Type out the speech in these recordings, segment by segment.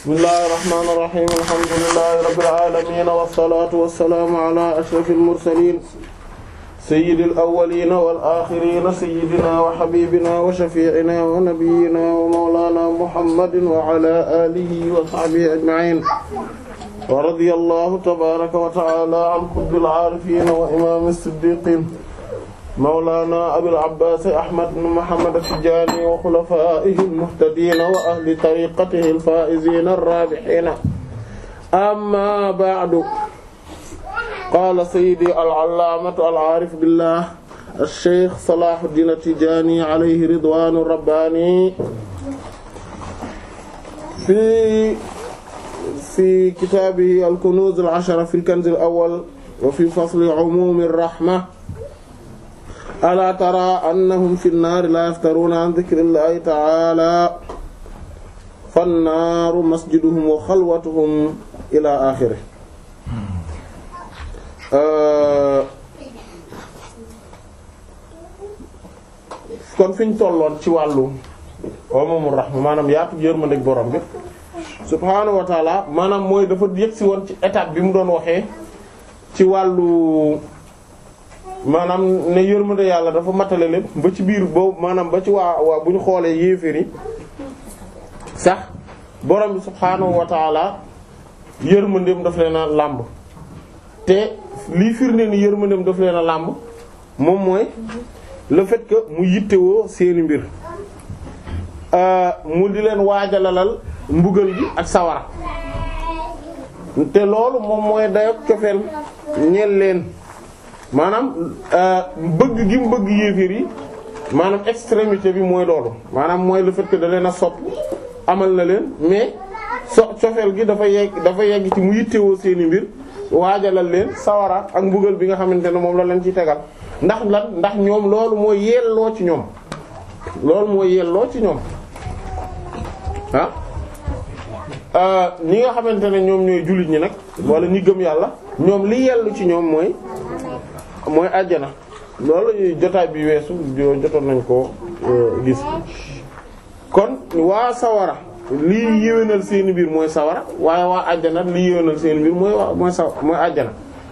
bismillahi rahmaani rahiim alhamdulillahi rabbil aalamiin wassalaatu wassalaamu alaa ashrafil mursaliin sayyidil awwaliina wal aaxiriina sayyidinaa wa habiibinaa wa shafii'inaa wa nabiyyinaa wa mawlaanaa muhammadin wa alaa aalihi wa sahbihi ajma'iin wa radiyallahu tabaaraka wa ta'aalaa an qutbil aarifiina wa imaamil siddiiqiin mawlaana abil abbaas ahmad ibn muhammad at-tijaani wa xulafaa'ihi al-muhtadiina wa ahli tariiqatihi al-faa'iziina ar-raabihiina amma ba'du qaala sayyidi al-allaamatu al-aarif billah ash-shaykh salaahudiin at-tijaani alayhi ridwaanu rabbaani fi fi kitaabihi al-kunuuz al-ashara fi al-kanz al-awwal wa fi fasli umuumi ar-rahma alaa tara annahum fi nnaari laa yaftaruuna an dhikrillahi ta'ala fannaaru masjiduhum wa xalwatuhum ila axiri kon fi ñu tolloon ci wàllu umumur rahma maanaam yaatu yërmandeeg borom bi subhaanahu wa maanaam mooy dafa yëgsi woon ci étape bi mu doon waxee ci wàllu maanaam ne yërmande yàlla dafa matale lépp ba ci biir boobu maanaam ba ci waa waa bu ñu xoolee yéeféer yi sax borom bi subhaanahu wa taala daf leen làmb te lii firnde ni yërmandeem daf leen a làmb moom mooy le fait que mu yittewoo seeni mbir euh, mu di leen waajalalal mbugal gi ak sawara te loolu moom mooy dayoog cofeel ñeel leen maanaam euh, bëgg gi mu bëgg yéeféer yi maanaam extremité bi mooy loolu maanaam mooy le fekk que da leen a sopp amal na leen mais so cofeel gi dafa yegg dafa yegg ci mu yittewoo seeni mbir waajalal leen sawara ak mbugal bi nga xamante ne moom la leen ci tegal ndax lan ndax ñoom loolu mooy yelloo ci ñoom loolu mooy yelloo ci ñoom ah ni euh, nga xamante ne ñoom ñooy jullit ñi nag wala ñi gëm yàlla ñoom li yellu ci ñoom mooy mooy àjjana loolu jotaay bi weesu jotoon nañ ko euh, gis kon waa sawara lii yéwénal seeni biir mooy sawara waaye waa àjjana lii yéwénal seeni biir mooy waa mooy saw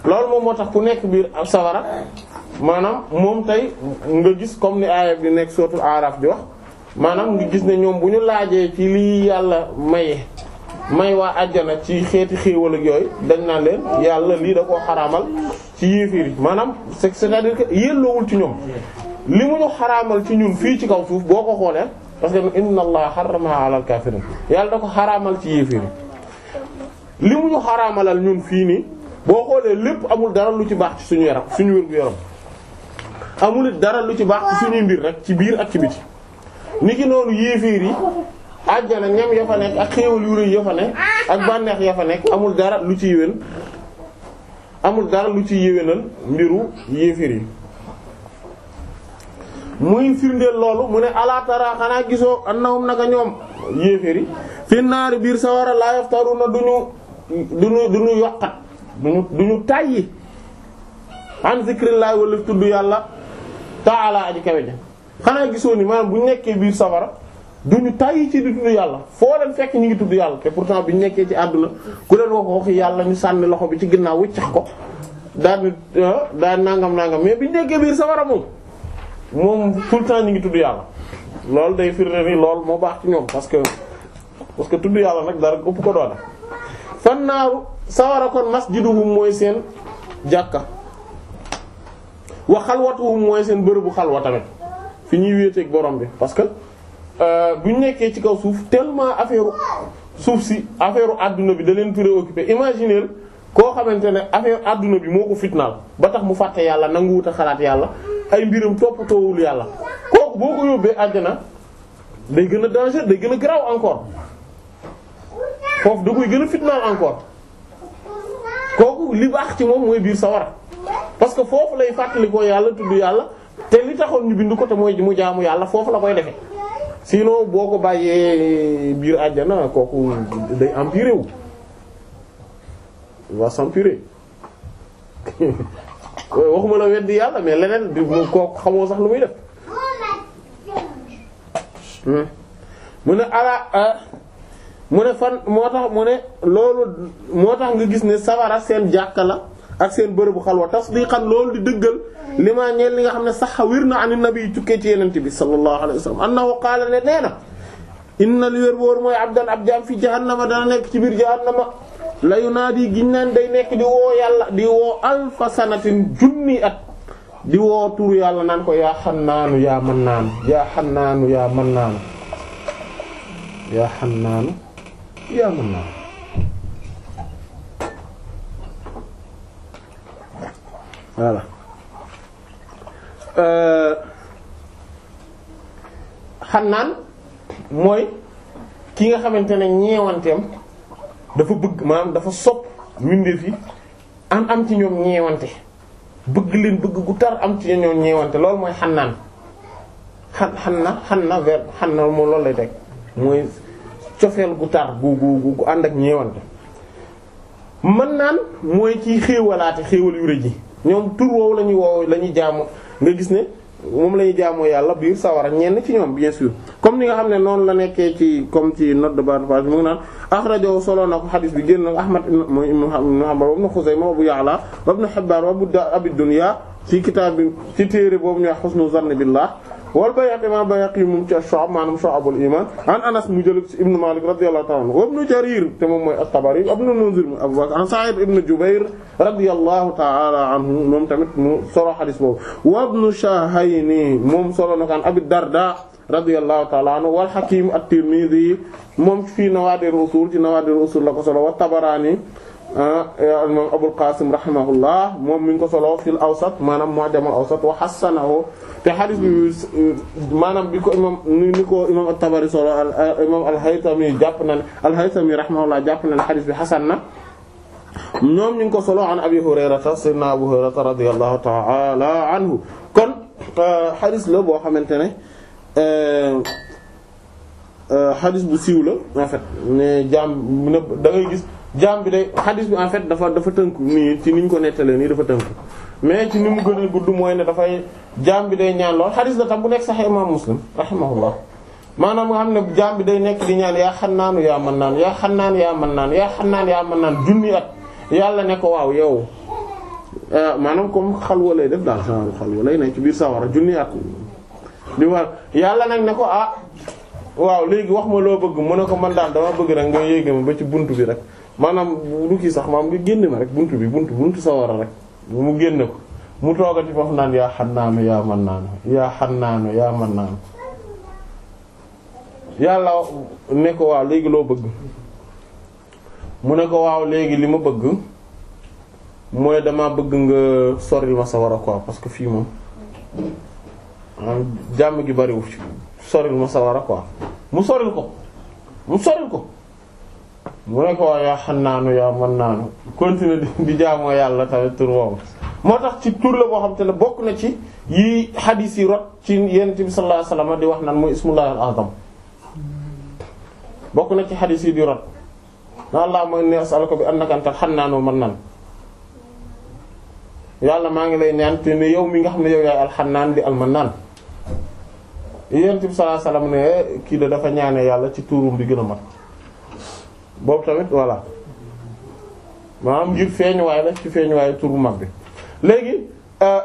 loolu moom moo tax ku nekk biir ab sawara maanaam moom tey nga gis comme ni aaya bi nekk sootul aaraaf bi wax maanaam nga gis ne ñoom bu ñu laajee ci lii yàlla maye may waa àjjana ci xeeti xéewal ak yooyu dañ naan leen yàlla lii da koo xaraamal ci yéeféer yi maanaam c'est-à-dire que yelloowul ci ñoom li mu ñu xaraamal ci ñun fii ci kaw suuf boo ko xoolee parce que inna allah harrama ala al yàlla da ko xaraamal ci yéeféer yi li mu ñu xaraamalal ñun fii nii boo xoolee lépp amul dara lu ci baax ci suñu yaram suñu wér gu yaram amul dara lu ci baax ci suñuy mbir rek ci biir ak ci biti ni ki noonu yéeféer yi àjjana ñam ya fa nekk ak xéewal yu rëy ya ak bànneex ya nekk amul dara lu ci yéwén amul lu ci yéwénal mbiru yéeféer yi muy firndeel loolu mu ne alaa tara xanaa gisoo annahum naka ñoom yéeféer yi fi naari biir sawara laa yaftaruna duñu duñu duñu yokkat duñu duñu tàyyi an zikrillahi wala tudd yàlla taala aji kawe xanaa gisoo ni maanaam bu nekkee biir sawara ñu tàyyi ci di tudd yàlla foo leen fekk ñu ngi tudd yàlla te pourtant bi ñu nekkee ci àdduna ku leen wax yàlla ñu sànni loxo bi ci ginnaaw wëccax ko daal di ah, daal nangam nangam mais bi ñu nekkee biir safara moom moom tout ñu ngi tudd yàlla loolu day firnde lool loolu moo baax ci ñoom parce que parce que tudd yàlla nag dara ëpp ko doone fan naaru sawara kon masjiduhum mooy seen jàkka wa xalwatuhum mooy seen bërëbu xalwa tamit fi ñuy wéeteeg borom bi parce Euh, bu ñu nekkee ci kaw suuf tellement affaire suuf si affaire àdduna bi da leen préoccupé imaginer koo xamante ne affaire àdduna bi moo ko fitnaal ba tax mu fàtte yàlla nanguwut a xalaat yàlla ay mbiram toppatoowul yàlla kooku boo ko yóbbee àjjana day gën a danger day gën a garaaw encore foofu da koy gën a fitnaal encore kooku li baax ci moom mooy biir sawara parce que foofu lay fàttali ko yàlla tudd yàlla te li taxoon ñu bind ko te mooy mu jaamu yàlla foofu la koy defee. sinon boo ko bàyyee biir àjjana kooku day empiré wu va s'empirer waxuma la weddi yàlla mais leneen bi moom kooku xamoo sax lu muy def hmm. mu ne ala ah. mu ne fan moo tax mu ne loolu moo tax nga gis ne sawara seen jàkka la ak seen bërëbu xalwa tasdiqan loolu di dëggal li ma li nga xam ne sax wér na an nabi yi tukkee ci yenente bi sallallahu alayhi wa sallam annahu qaala ne nee na inna li wér wóor mooy abdan ab jaam fi jahannama dana nekk ci biir jahannama layu naa di giñ naan day nekk di woo yàlla di woo alfa sanatin junni at di woo tur yàlla naan ko yaa xannaanu yaa man naanu yaa xannaanu yaa man naanu yaa yaa man naanu voilà euh, xannaan mooy ki nga xamante ne ñeewanteem dafa bëgg maanaam dafa sopp mbindeef yi am am ci ñoom ñeewante bëgg leen bëgg gu tar am ci ñoom ñeewante loolu mooy xannaan xan xan na xan na verbe xan na moo lool lay teg mooy cofeel gu tar gu gu gu ànd ak ñeewante mën naan mooy ci xéewalaate xéewal yu rëy ji ñoom tur woowu la ñuy woow la ñuy jaamu nga gis ne moom la ñuy jaamoo yàlla biir sawara ñenn ci ñoom bien sûr comme ni nga xam ne noonu la nekkee ci comme ci note de bas de page mu ngi naan axrajo solo na ko xadis bi génn Ahmad mooy ibn Hanbal ibn Xuzayma Abu Ya'la ibn Hibbaan Abu Abi Dunya ci kitaab bi ci téere boobu ñu wax Husnu Zann billah wal Bayhaqi imam Bayhaqi moom ci Shu'ab maanaam Shu'abul iman an Anas mu jël ci ibn Malik radiyallahu ta'ala anhu ibn Jarir te moom mooy at-Tabari ibn Munzir Abu Bakr an Sa'id ibn Jubayr radiyallahu ta'ala anhu moom tamit mu solo xadis boobu wa ibn Shahayni moom solo na kan Abi Darda radiyallahu ta'ala anhu wal Hakim at-Tirmidhi moom fii Nawadir usul ci Nawadir usul la ko solo wa Tabarani Ah, imaam Abul Qaasim moom mi ngi ko solo fil awsat maanaam mu'jamul awsat wa hassanahu te hadith bi maanaam bi ko imaam ni ko imaam at-Tabari solo al-Haytami jàpp ne al-Haytami rahimahullah jàpp na ne hadith bi hasan na ñoom ñu ngi ko solo an Abi Hurayrata sayyidina ta'ala anhu kon hadith euh, la boo xamante ne hadith euh, euh, bu siiw la en jaam bi day xadis bi en dafa dafa tënku nii ci niñ ko nettalee nii dafa tënku mais ci ni mu gën a gudd mooy ne dafay jaam bi day ñaan lool xadis la tam bu nekk sax imam muslim rahimahullah maanaam nga xam ne jaam bi day nekk di ñaan yaa xannaanu yaa man naan yaa xannaan yaa man naan yaa xannaan yaa man naan junni at yàlla ne ko waaw yow ah, maanaam comme xalwa lay def daal genre xalwa lay ne ci biir sawara junni at di war yàlla nag ne ko ah waaw léegi wax ma loo bëgg mu ne ko man daal dama bëgg rek nga yéege ma ci buntu bi rek maanaam du kii sax maam nga génn ma rek buntu bi buntu buntu sawara rek mu génn ko mu toogati foofu naan yaa xannaanu yaa man naanu yaa xannaanu yaa man naanu yàlla ne ko waaw léegi loo bëgg mu ne ko waaw léegi li ma bëgg mooy dama bëgg nga soril ma a ko parce que fii moom jàmm gi bariwul soril ma sawara quoi mu soril ko mu soril ko mu ne ko yaa xannaanu yaa mën naanu continuer di jaamoo yàlla tamit tur woowu moo tax ci tur la boo xam te ne bokk na ci yi xadiis yi rot ci yonent bi sallallahu alayhi di wax naan mooy ismullahi al-azam bokk na ci xadiis yi di rot na allahumma inni as'aluka bi annaka anta al-xannaanu al-mannaan yàlla maa ngi lay ñaan te ne yow mi nga xam ne yow yaay al-xannaan di al bi sallallahu alayhi wasallam ne kii da dafa ñaane yàlla ci turum bi gën a mat boobu tamit voilà maanaam ngir feeñuwaay la ci feeñuwaayu tur bu mag bi léegi euh,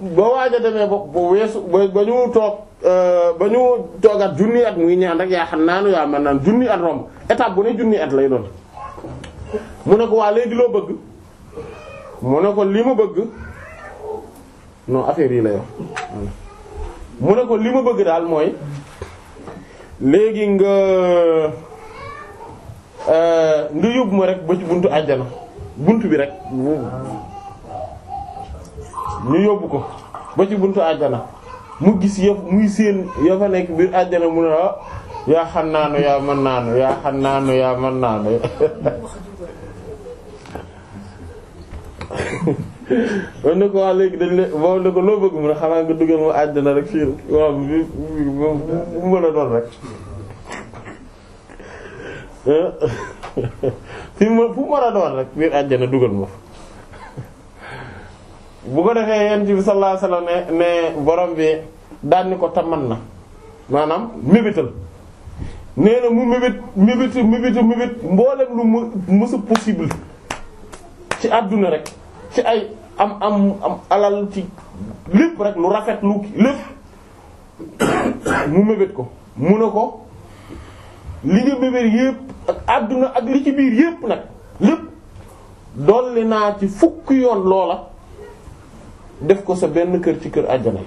ba waaj demee ba ba weesu ba ñu toog euh, ba ñu toogaat junni at muy ñaan rek yaa xam naanu yaa man naan junni at romb étape bu ne junni at lay doon mu ne ko waa léegi loo bëgg mu ne ko li ma bëgg non affaire yi la yow mu ne ko li ma bëgg daal mooy léegi nga Euh, nga yóbbu ma rek ba ci buntu àjjana buntu bi rek ñu yóbbu ko ba ci buntu àjjana mu gis yëpp muy seen ya fa nekk biir àjjana mu ne ah yaa xam naanu yaa mën naanu yaa xam naanu yaa mën naanu wan ne ko waa léegi dañ le boobu ne ko loo bëgg mu ne xanaa nga dugal ma àjjana rek fii waaw bi mu mën a doon rek fi ma fu mën a doon rek biir àjjana dugal ma bu ko defee yonent bi sallallahu ne ne borom bi daan ni ko taman na maanaam mébital nee na mu mébét mébét mébét mébét mboolem lu mu mësa possible ci àdduna rek ci ay am am am alal ci lépp rek lu rafet lu lépp mu mébét ko mu ne ko li nga mébét yépp ak àdduna ak li ci biir yépp nag lépp dolli naa ci fukk yoon loola def ko sa benn kër ci kër àjjana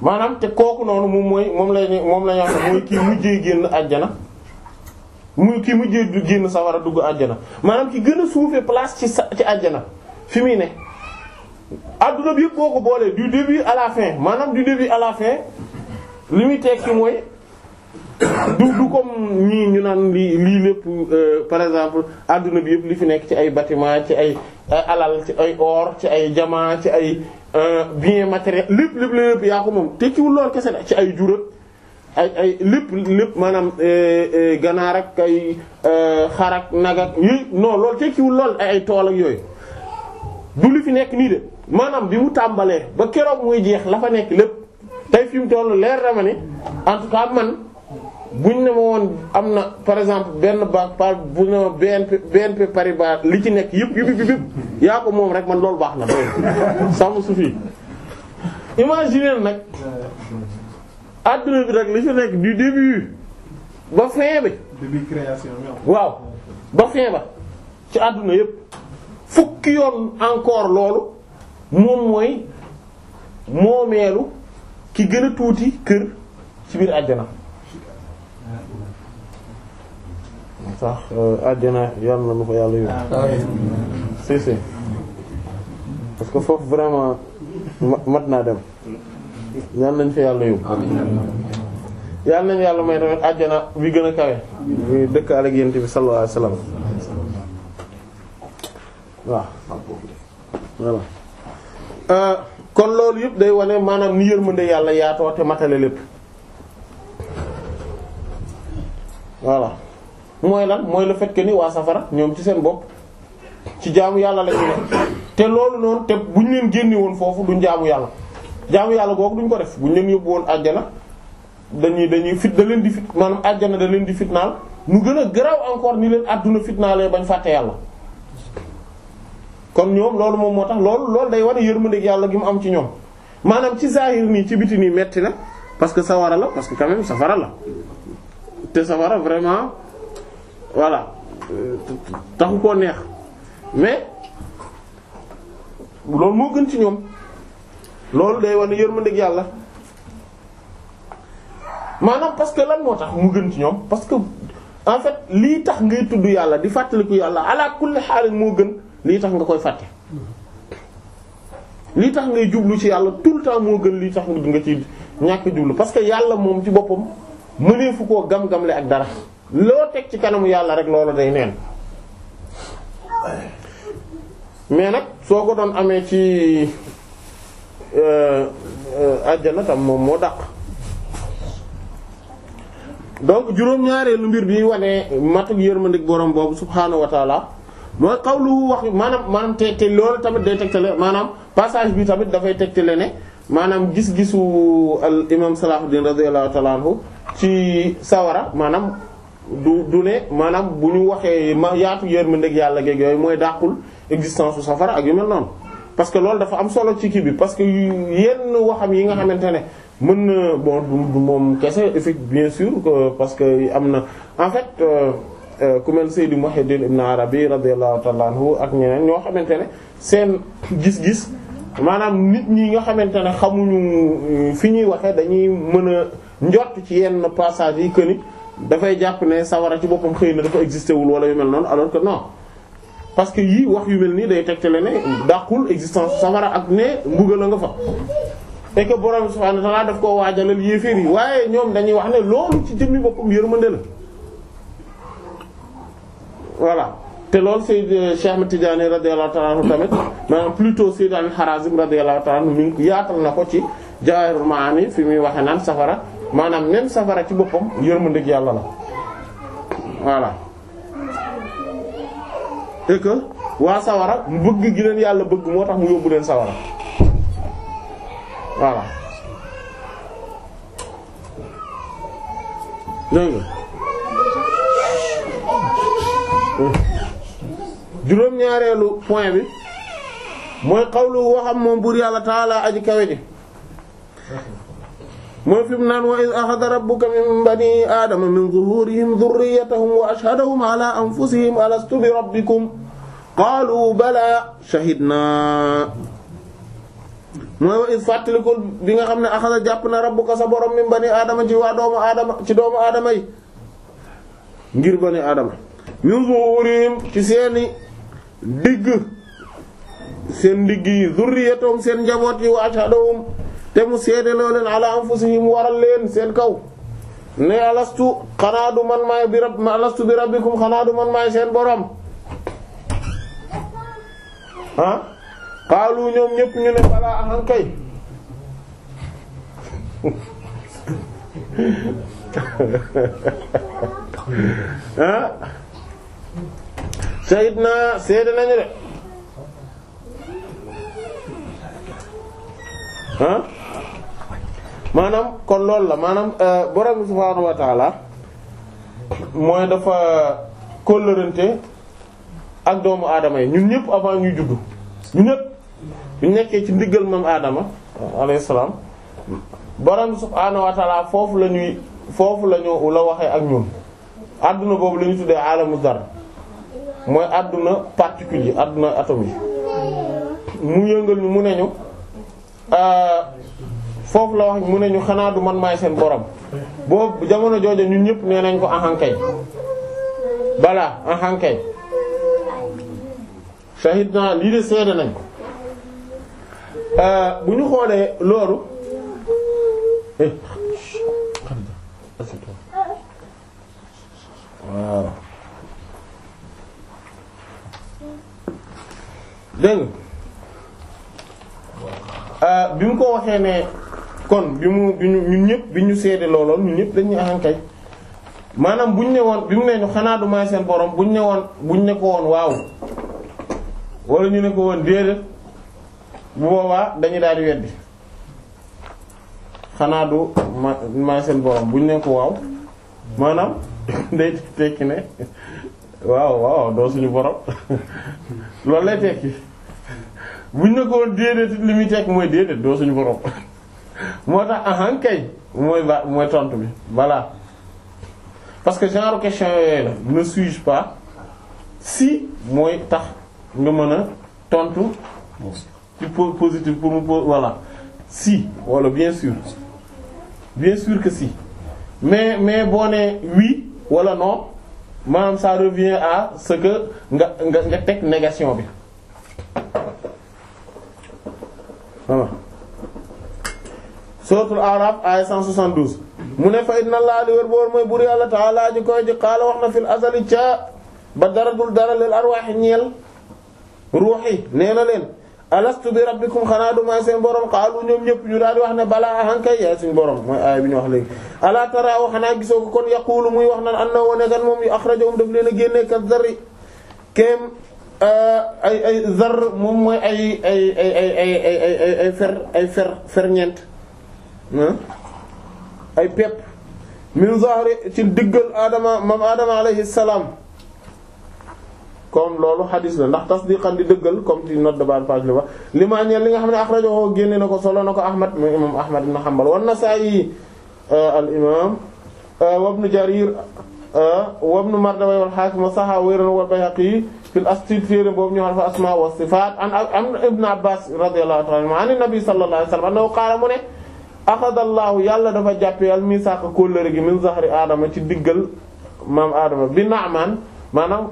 maanaam te kooku noonu moom mooy moom lañ moom la ñu wax mooy kii mujjee génn àjjana muy kii mujjee génn sawara dugg àjjana maanaam ki gën a suufee place ci sa ci àjjana fi muy ne adduna bi yëpp boo ko boolee du début à maanaam du début à la fin li muy tekki mooy du du comme ñii ñu naan lii lii lépp euh, par exemple àdduna bi yëpp li fi nekk ci ay batiment ci ay alal ci ay or ci ay jamaa ci ay euh, bien matériel lépp lépp yaa ko moom tekkiwul lool kese ci ay jurat ay ay lépp lépp maanaam euh, ganaar ak ay xar ak nag ak yooyu lool loolu tekkiwul lool ay tool ak yooyu du li fi nekk nii de maanaam bi mu tàmbalee ba keroog muy jeex la fa nekk lépp tey fi mu toll leer na ma ne en man. bu ne ma woon am na par exemple benn banque par bu ñu ne BNP BNP Paribas li ci nekk yëpp yëpp yëpp yaa ko moom rek man loolu baax na doy sàmm su fi imaginer nag adduna bi rek li ci nekk du début ba fin bi. waaw ba fin ba ci àdduna yëpp fukki yoon encore loolu moom mooy moomeelu ki gën a tuuti kër ci biir àjjana. sax euh, àjjana yàlla na nu ko yàlla yóbbu si si parce que foofu vraiment mat naa dem ñaan nañ fi yàlla yóbbu yàlla nañ yàlla may tamit àjjana bi gën a kawe bi dëkk ak yent bi sallallahu alayhi euh, kon loolu yëpp day wane maanaam ni yërmande yàlla yaatoo te matale lépp mooy lan mooy la fait que ni waa safara ñoom ci seen bopp ci jaamu yàlla la ñu te loolu noonu te bu ñu leen génne woon foofu duñ jaamu yàlla jaamu yàlla googu duñ ko def bu ñu leen yóbbu woon àjjana dañuy dañuy fit da leen di fit maanaam àjjana da leen di fitnaal nu gën a garaaw encore ni leen àdduna fitnaalee bañ fàtte yàlla. kon ñoom loolu moom moo tax loolu loolu day wane yërmandeeg yàlla gi mu am ci ñoom maanaam ci zahir nii ci biti nii metti na parce que sawara la parce que quand même safara la voilà taxu koo neex mais loolu moo gën ci ñoom loolu day wane yërmandeeg yàlla maanaam parce que lan moo tax mu gën ci ñoom parce que en fait lii tax ngay tudd yàlla di fàttaliku yàlla ala kulli xaalis moo gën lii tax nga koy fàtte. lii tax ngay jublu ci yàlla tout le temps moo gën lii tax nga ci ñàkk jublu parce que yàlla moom ci boppam mëneefu koo gam-gamle ak dara. loo teg ci kanamu yàlla rek loolu day neen mais nag soo ko doon amee ci euh, euh, àjjana tam moom moo dàq donc juróom-ñaareelu mbir bi wane matuk yërmandik borom boobu subhaanahu wa taala mooy lu wax maanaam maanaam te te loolu tamit day tegtale maanaam passage bi tamit dafay tegtale ne maanaam gis-gisu al imam Salahuddin radiyallahu ta'ala anhu ci sawara maanaam du du ne maanaam bu ñu waxee ma yaatu yërmande ak yàlla geeg yooyu mooy dàqul existence su safara ak yu mel noonu. parce que loolu dafa am solo ci kii bi parce que yenn waxam yi nga xamante ne mën na bon moom kese effet bien sûr que parce que am na en fait euh, euh, ku mel Seydi Muhammad Ibn Arabi radiyallahu ta'ala anhu ak ñeneen ñoo xamante ne seen gis-gis maanaam nit ñi nga xamante ne xamuñu euh, fi ñuy waxee dañuy mën a njort ci yenn passage yi que dafay jàpp ne sawara ci boppam xëy na dafa existé wul wala yu mel noonu alors que no parce que yii wax yu mel nii day tegtale ne dàqul existence sawara ak ne mbugal la nga fa. et que borom subhaanahu wa ta'aala daf koo waajalal yéeféer yi waaye ñoom dañuy wax ne loolu ci jëmmi boppam yërmande la voilà te loolu Seydou Cheikh Ahmed Tidiane radiyallahu ta'ala anhu tamit maanaam plutôt Seydou Al Harazim radiyallahu ta'ala anhu mi yaatal na ko ci Jawaahirul Maani fi muy waxe naan safara. maanaam même safara ci boppam yërmandeeg yàlla la voilà et waa sawara mu bëgg gi leen yàlla bëgg moo tax mu yóbbu leen sawara voilà dégg hmm. juróom-ñaareelu point bi mooy xawlu waxam moom buur yàlla taala aji kawe ji mooy fi naan wa iz axada rabbuka min bani aadama min zuhurihim dhurriyyatahum wa ashhadahum alastu bi rabbikum qaalu bala shahidna mooy wa iz fàttalikul bi nga xam ne axada jàpp na rabbuka sa min bani aadama ci waa doomu aadama ci doomu aadama ngir bani aadama min zuhurihim ci seeni digg seen digg yi seen njaboot wa ashhadahum te mu seedeloo leen ala anfusihim waral leen seen kaw ne alastu xanaa du man maay bi rab alastu bi rabbikum xanaa du man maay seen borom ah xaalu ñoom ñëpp ñu ne balaa ahan kay ah sayid naa seede nañu de ah maanaam kon loolu la maanaam euh, borom bi subhaanahu wa mooy dafa kóllërante ak doomu aadama yi ñun ñëpp avant ñuy juddu ñun ñëpp ñu nekkee ci ndiggal moom aadama alayhi salaam borom bi subhaanahu foofu la ñuy foofu la ñu la waxee ak ñun adduna boobu la ñu tuddee alamu dar mooy àdduna particules yi àdduna atome yi mu yëngal ñu mu ne ñu euh, foofu la wax mu ne ñu xanaa du man maay seen borom boobu jamono jooju ñun ñëpp nee nañ ko ahankay balaa ahankay shahid naa lii de seede nañ ko euh, bu ñu xoolee loolu eh, waaw euh, bi mu ko waxee ne kon bi mu bi ñu ñun ñëpp bi ñu seede looloon ñu ñëpp dañuy ahankay maanaam buñ ne woon bi mu ne xanaa du seen borom buñ ne woon buñ ko woon waaw wala ñu ne ko woon déedéet bu boobaa dañu daal di weddi xanaa du ma may seen bu ñu ne ko waaw maanaam day tekki ne waaw waaw doo suñu borom loolu lay tekki buñ ne ko woon déedéet li muy tekki mooy déedéet doo suñu borom moo tax ahan kay mooy ba mooy tontu bi voilà parce que genre question yooyu la ne suis pas si mooy tax nga mën tontu ci positif pour mu voilà si wala bien sûr bien sûr que si mais mais boo nee oui wala non maanaam ça revient à ce que nga nga teg négation bi suratul araf ay 172 mu ne fa inna allaha li wér boor mooy bur yàlla ta'ala ji koy ji wax na fil azali ca ba dara dul dara lil arwaaxi ñeel ruux yi nee na leen alastu bi rabbikum xanaa du may seen borom xaalu ñoom ñëpp ñu daal di wax ne balaa ahankay yaay suñu borom mooy aay bi wax léegi ala taraaw xanaa gisoo ko kon yaqulu muy wax nan anna wone kan moom yu axrajahum daf leen a génnee ka zarri kéem euh, ay ay moom mooy ay ay ay ay ay ay ay fer ay fer ferñeent ay pepp min zahri ci diggal Adama mam Adama alayhi salaam loolu xadis la ndax tasdiqan di dëggal comme ci note de bas de li wax li ma ñeel li nga xam ne axrajahu génne na ko solo na ko Ahmad mooy imam Ahmad ibn Hanbal wa Nasaa'i euh, al imam euh, wa ibn Jarir euh, wa ibn Mardawayh wal Hakim wa saxaahu wéeran wal Bayhaqi fil asti téere boobu ñu xam fa asma wa sifaat an ibn Abbas radiyallahu ta'ala anhu an nabi sallallahu alayhi wa sallam annahu qaala mu ne. axadallaahu yàlla dafa jàppee al misaaq kóllëre gi min zahri aadama ci diggal maam aadama bi naamaan maanaam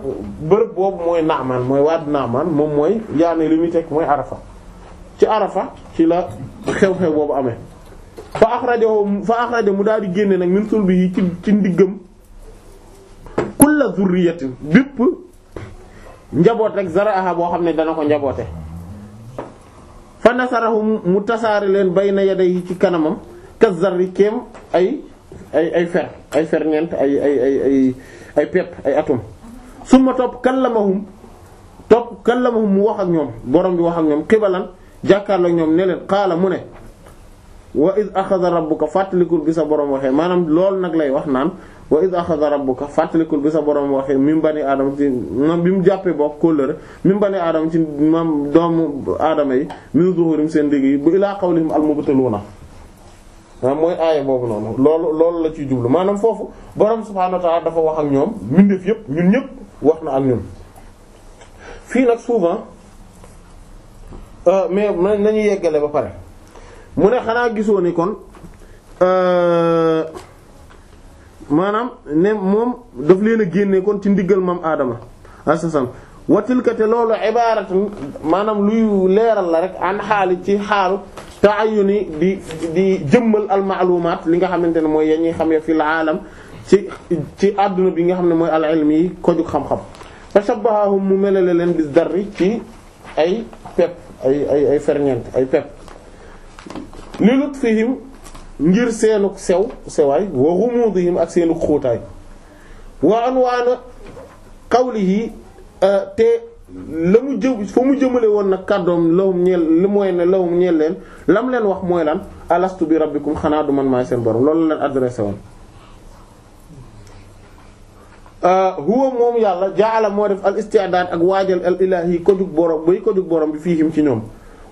bërëb boobu mooy naamaan mooy waad naamaan moom mooy yaane li muy mooy arafa ci arafa ci la xew-xew boobu amee fa axrajahu fa axraja mu daal di génne nag min sulbi yi ci ci ndiggam kulla zurriyatin bépp njaboot rek zaraaha boo xam ne dana ko njaboote fa nasarahum mu tasaare leen bay bayna yadayhi ci kanamam kas zarri kéem ay ay ay fer ay ferñeent ay ay ay ay ay pepp ay atom summa topp kallamahum topp kallamahum mu wax ak ñoom borom bi wax ak ñoom xibalan jàkkaarloo ñoom ne leen xaala mu ne wa iz axada rabbuka fàttalikul bi sa borom waxee maanaam lool nag lay wax naan wa iz axada rabbuka fàttalikul bi sa borom waxee mi bani aadama ci moom bi mu jàppee bokk kóllëre min bani aadama ci moom doomu aadama yi min zuhurim seen digg yi bu ilaa qawlihim al-mubtiluuna waaw mooy aaya boobu noonu loolu la ciy jublu maanaam foofu borom subhaanahu wa dafa wax ak ñoom mbindeef yëpp ñun ñëpp wax na ak ñun fii nag souvent euh, mais nañu yeggale ba pare. mu ne xanaa gisoo ni kon euh, maanaam ne moom daf leen a génne kon ci ndiggal maam Adama asasam watilkate loolu ibaratun maanaam luy leeral la rek an xaali ci xaalu taayuni di di jëmbal al maalumaat li nga xamante ne mooy ya ñuy xam ya fil aalam ci ci àdduna bi nga xam ne mooy al ilmi yi koju xam-xam tashabbahahum mu melale leen bis darri ci ay pepp ay ay ay ay pepp li lutfihim ngir seenuk sew sewaay wa ghumudihim ak seenuk xóotaay wa anwaana qawlihi euh, te la mu jëm fa mu jëmale woon nag kàddoom lawum ñeel li mooy ne lawum ñeel leen lam leen wax mooy lan alastu bi rabbikum xanaa du man maay seen borom loolu la leen adressé woon euh, huwa moom yàlla jaala moo def al isti'dad ak waajal al ilahi ko jug borom bay ko ci ñoom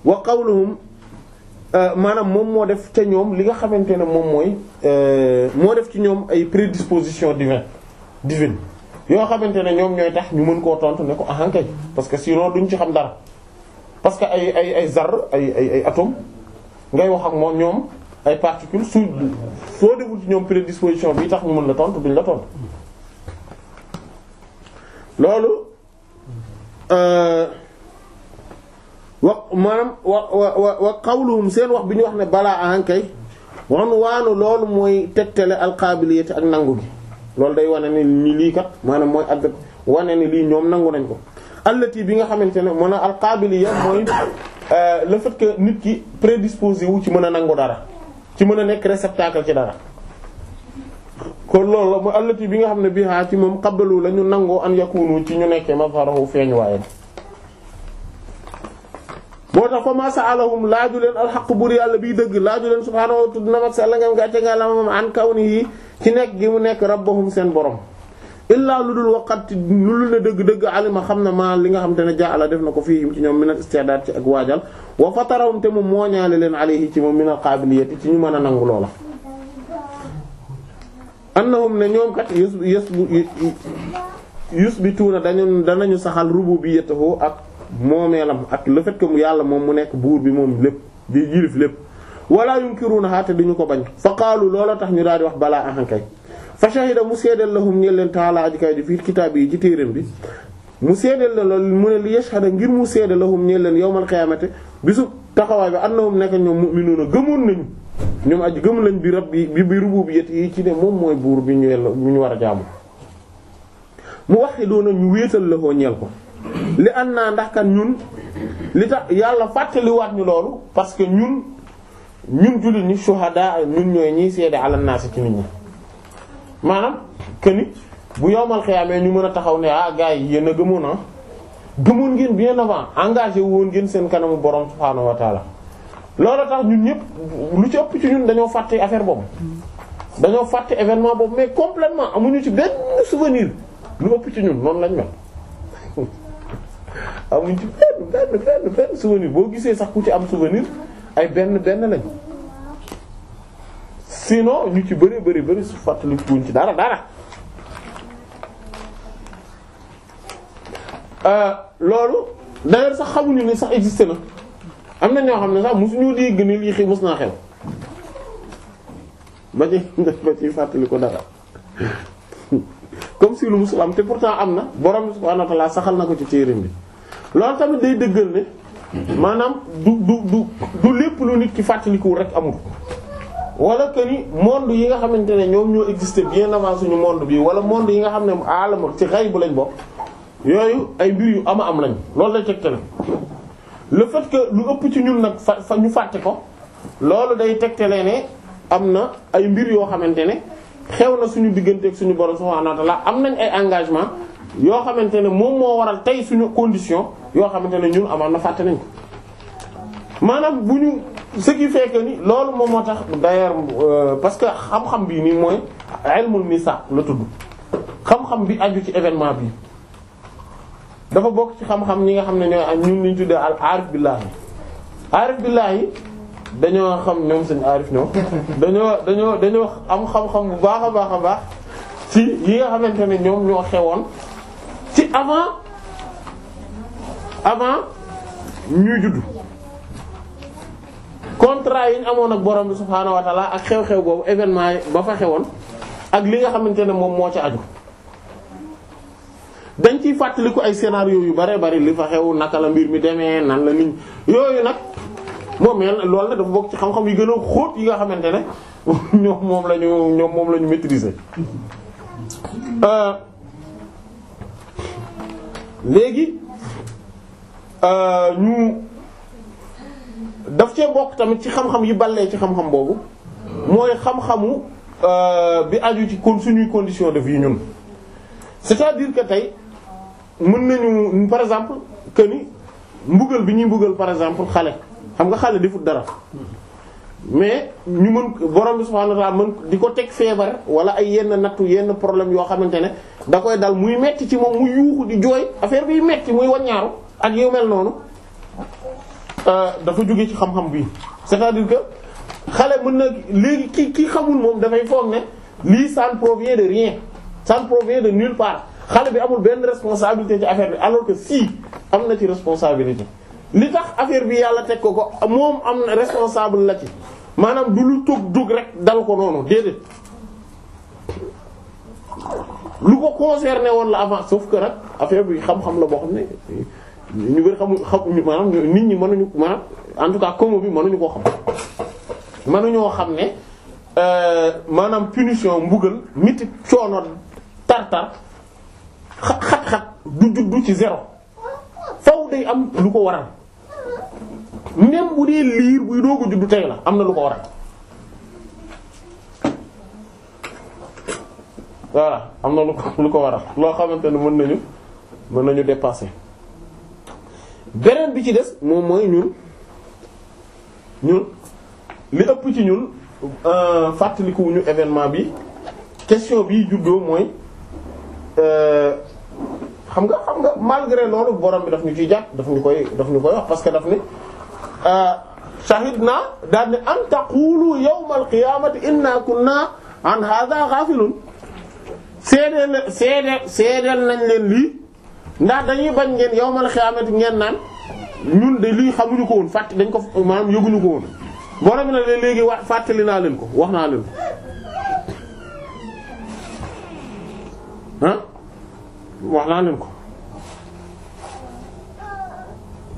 wa qawluhum Euh, maanaam moom moo def ca ñoom li nga xamante ne moom mooy euh, moo def ci ñoom ay prédisposition divine divine yoo xamante ne ñoom ñooy tax ñu mën koo tontu ne ko ahankay parce que sinon duñ ci xam dara parce que ay ay ay zar ay ay ay atome ngay wax ak moom ñoom ay particules su foo deful ci ñoom prédisposition bi tax ñu mën la tontu duñ la tontu loolu. Euh, wax maanaam wa wa qawluhum seen wax bi ñu wax ne balaa ankay wan waanu loolu mooy tegtale alqaabiliyati ak nangu gi loolu day wane ne ni lii kat maanaam mooy add wane ne lii ñoom nangu nañ ko allati bi nga xamante ne mën a alqaabiliya mooy euh, la fait que nit ki prédisposé wu ci mën a nangu dara ci mën a nekk réceptacle ci dara kon loolu la mu bi nga xam ne bii ci moom xabalu la ñu nangoo an yakunu ci ñu nekkee mazharahu feeñuwaayam boo tax fa ma sa'alahum laaju leen alxaq buur yàlla biy dëgg laaju leen subhaanahu wa ta'ala mat sell ngam gàcce nga la moom an kawnihi ci nekk gi mu seen borom illaa lu dul waqat lu lu ne dëgg-dëgg alima xam na maa li nga xam te ne jaala def na ko fii ci ñoom min al isti'daad ci ak waajal wa fatarahum te mu mooñaale leen alayhi ci moom min al qaabiliyati ci ñu mën a nangu loola annahum ne ñoom kat yus yus yusbituuna dañu danañu saxal rububiyatahu ak moomeelam ak le fait que mu yàlla moom mu nekk buur bi moom lépp di yilif lépp na yunkirunaha te ñu ko bañ fa qaalu loola tax ñu daal di wax balaa ahankay fa shahida mu seedeel lahum ñeel leen taala aji kay ji fii kitaab yi ci téeréem bi mu seedeel la loolu mu ne li yashhada ngir mu seede lahum ñeel leen yawmal qiyaamati bisu taxawaay bi annahum nekk ñoom mu'minuuna gëmoon nañu ñoom aji gëm lañ bi rabbi bi rububiyyati yi ci ne moom mooy buur bi ñu ñu war a jaamu mu wahiduuna ñu wéetal la ñel ko li an naa ndax kan ñun li tax yàlla waat ñu loolu parce que ñun ñun jullit ñi shuhada ñun ñooy ñiy seede ala naas ci nit ñi maanaam que ni bu yowmal amee ñu mën a taxaw ne ah gars yi yéen a gëmoon ah gëmoon ngeen bien avant engagé woon ngeen seen kanamu borom subhaanahu wa taala loolu tax ñun ñëpp lu ci ëpp ci ñun dañoo fàtte affaire boobu dañoo fàtte événement boobu mais complètement amuñu ci benn souvenir lu ëpp ci ñun noonu lañ mel. amuñ ci benn benn benn benn souvenir boo gisee sax ku ci am souvenir ay benn benn lañ sinon ñu ci bëree bëri bëri su fàttalikuñ ci dara dara euh, loolu d'ailleurs sax xamuñu ni sax existé na am na ñoo xam ne sax mosuñu dégg ni lii xi mos naa xew ba ci ba ci fàttali ko comme si lu musul am te pourtant am na borom subhaanahu wa ta'aala saxal na ko ci téereem bi loolu tamit day dëggal ne maanaam du du du du lépp lu nit ki fàttalikuwul rek amul. wala que ni monde yi nga xamante ne ñoom ñoo existé bien avant ñu monde bi wala monde yi nga xam ne aalama ci xay bu lañ bokk yooyu ay mbir yu ama am lañ loolu lay la la fait que lu ëpp ci ñun nag fa ñu fàtte ko loolu day tegte tegtale ne am na ay mbir yoo xamante ne. xew na suñu digganteeg suñu borom subhaanahu wa ta'ala am nañ ay engagement yoo xamante ne moom moo waral tey suñu condition yoo xamante ne ñun amoon na fàtte nañ ko maanaam bu ñu ce qui fait que ni loolu moom moo tax d'ailleurs euh, parce que xam-xam bi nii mooy ilmul misaaq la tudd xam-xam bi aju ci événement bi dafa bokk ci xam-xam ñi nga xam ne ñooy ñun ñu tuddee al aarif billaahi aarif billaahi dañoo xam ñoom sëñ Arif ñoom dañoo dañoo dañoo am xam-xam bu baax a baax a baax ci yi nga xamante ne ñoom ñoo xewoon ci avant avant ñuy judd contrat yi ñu amoon ak borom bi subhaanahu ak xew-xew boobu événement yi ba fa xewoon ak li nga xamante ne moom moo ci aju dañ ciy fàttaliku ay scénario yu bare bari li fa xew naka la mbir mi demee nan la nit yooyu nag. moom mais loolu nag dafa bokk ci xam-xam yu gën a xóot yi nga xamante ne ñoom moom la ñu ñoom moom la ñu maîtriser euh, léegi euh, ñu daf cee bokk tamit ci xam-xam yi ballee ci xam-xam boobu mooy xam-xamu euh, bi aju ci kon suñuy condition de vie ñun c'est-à-dire que tey mën nañu par exemple que ni mbugal bi ñuy mbugal par exemple xale xam nga xale defut dara mais ñu mën borom bi subhaanahu wa di ko teg feebar wala ay yenn nattu yenn problème yoo xamante ne da koy dal muy metti ci moom muy yuuxu di jooy affaire bi metti muy waññaaru ak yu mel noonu euh, dafa jóge ci xam-xam bi c'est-à-dire que xale mën na léegi ki ki xamul moom dafay foog ne lii ça ne provient de rien ça ne de nulle part xale bi amul benn responsabilité ci affaire bi alors que si am na ci responsabilité li tax affaire bi yàlla teg ko ko moom am na responsable la ci maanaam du lu tug dug rek dal ko noonu déedéet lu ko concerné woon la avant sauf kër nag affaire bi xam-xam la boo xam ne ñu bëri xamu xamuñu maanaam nit ñi mënuñu maanaam en tout cas comme bi mënuñu koo xam mënuñoo xam ne euh, maanaam punition mbugal miti coono tartar xat-xat-xat du juddu ci zéro faw day am lu ko waral même bu dee liir buy doog a juddu tey la am na lu ko waral voilà am na lu ko lu ko waral loo xamante ne mën nañu mën nañu dépasser beneen bi ci des moom mooy ñun ñun li ëpp ci ñun euh, fàttalikuwuñu événement bi question bi juddoo mooy euh, xam nga xam nga malgré loolu borom bi daf ñu ciy jàpp daf ñu koy daf ñu koy wax parce que daf ni Euh, shahidnaa daal ne an taqulu yawmal qiyaamati inna kunna an hadha ghafilun seedeel seedeel nañ leen lii ndax dañuy bañ ngeen yawmal qiyaamati ngeen naan ñun de lii xamuñu ko woon fàtte dañ ko maanaam yëguñu ko woon borom na leen léegi wax fàttali naa leen ko wax naa leen ko ah wax naa leen ko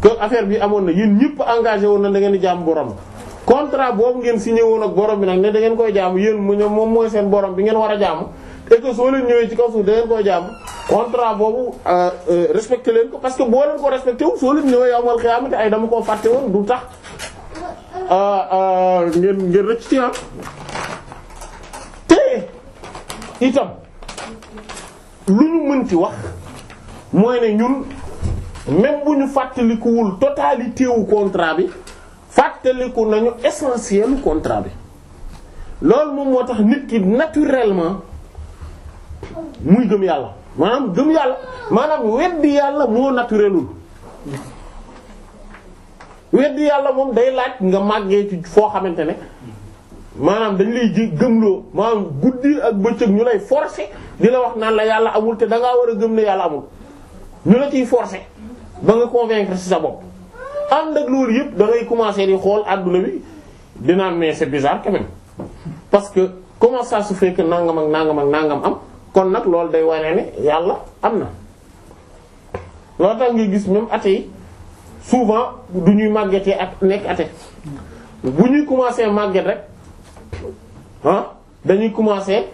que affaire bi amoon na yéen ñëpp engagé woon na da ngeen di jaamu borom contrat boobu ngeen signé woon ak borom bi nag ne da ngeen koy jàmm yéen mu ne moom mooy seen borom bi ngeen war a jaamu et que soo leen ñëwee ci kaw suuf da koy jaamu contrat boobu euh, euh, respecté leen ko parce que boo leen ko respecté wu soo leen ñëwee yawmal xiyaamati ay dama koo fàtte woon du tax euh, ngeen ngeen rëcc ci ah te itam lu ñu mën wax mooy ne ñun. même bu ñu fàttalikuwul totalité wu contrat bi fàttaliku nañu essentiel contrat bi loolu moom moo tax nit ki naturellement muy gëm yàlla maanaam gëm yàlla maanaam weddi yàlla moo naturelul weddi yàlla moom day laaj nga màggee ci foo xamante ne maanaam dañ lay gëm loo maanaam guddi ak bëccëg ñu lay forcer di la wax naan la yàlla amul te da ngaa war a gëm ne yàlla amul ñu la ciy forcer ba nga convaincre ci sa bopp ànd ak loolu yëpp dangay ngay commencer di xool àdduna bi dinaan mais c'est bizarre quand même parce que comment ça se nangam ak nangam ak nangam am kon nag loolu day wane ne yàlla am na. loolu tax ngay gis même athée yi souvent du ñuy màggetee ak nekk athée bu ñuy commencer màgget rek ah dañuy commencer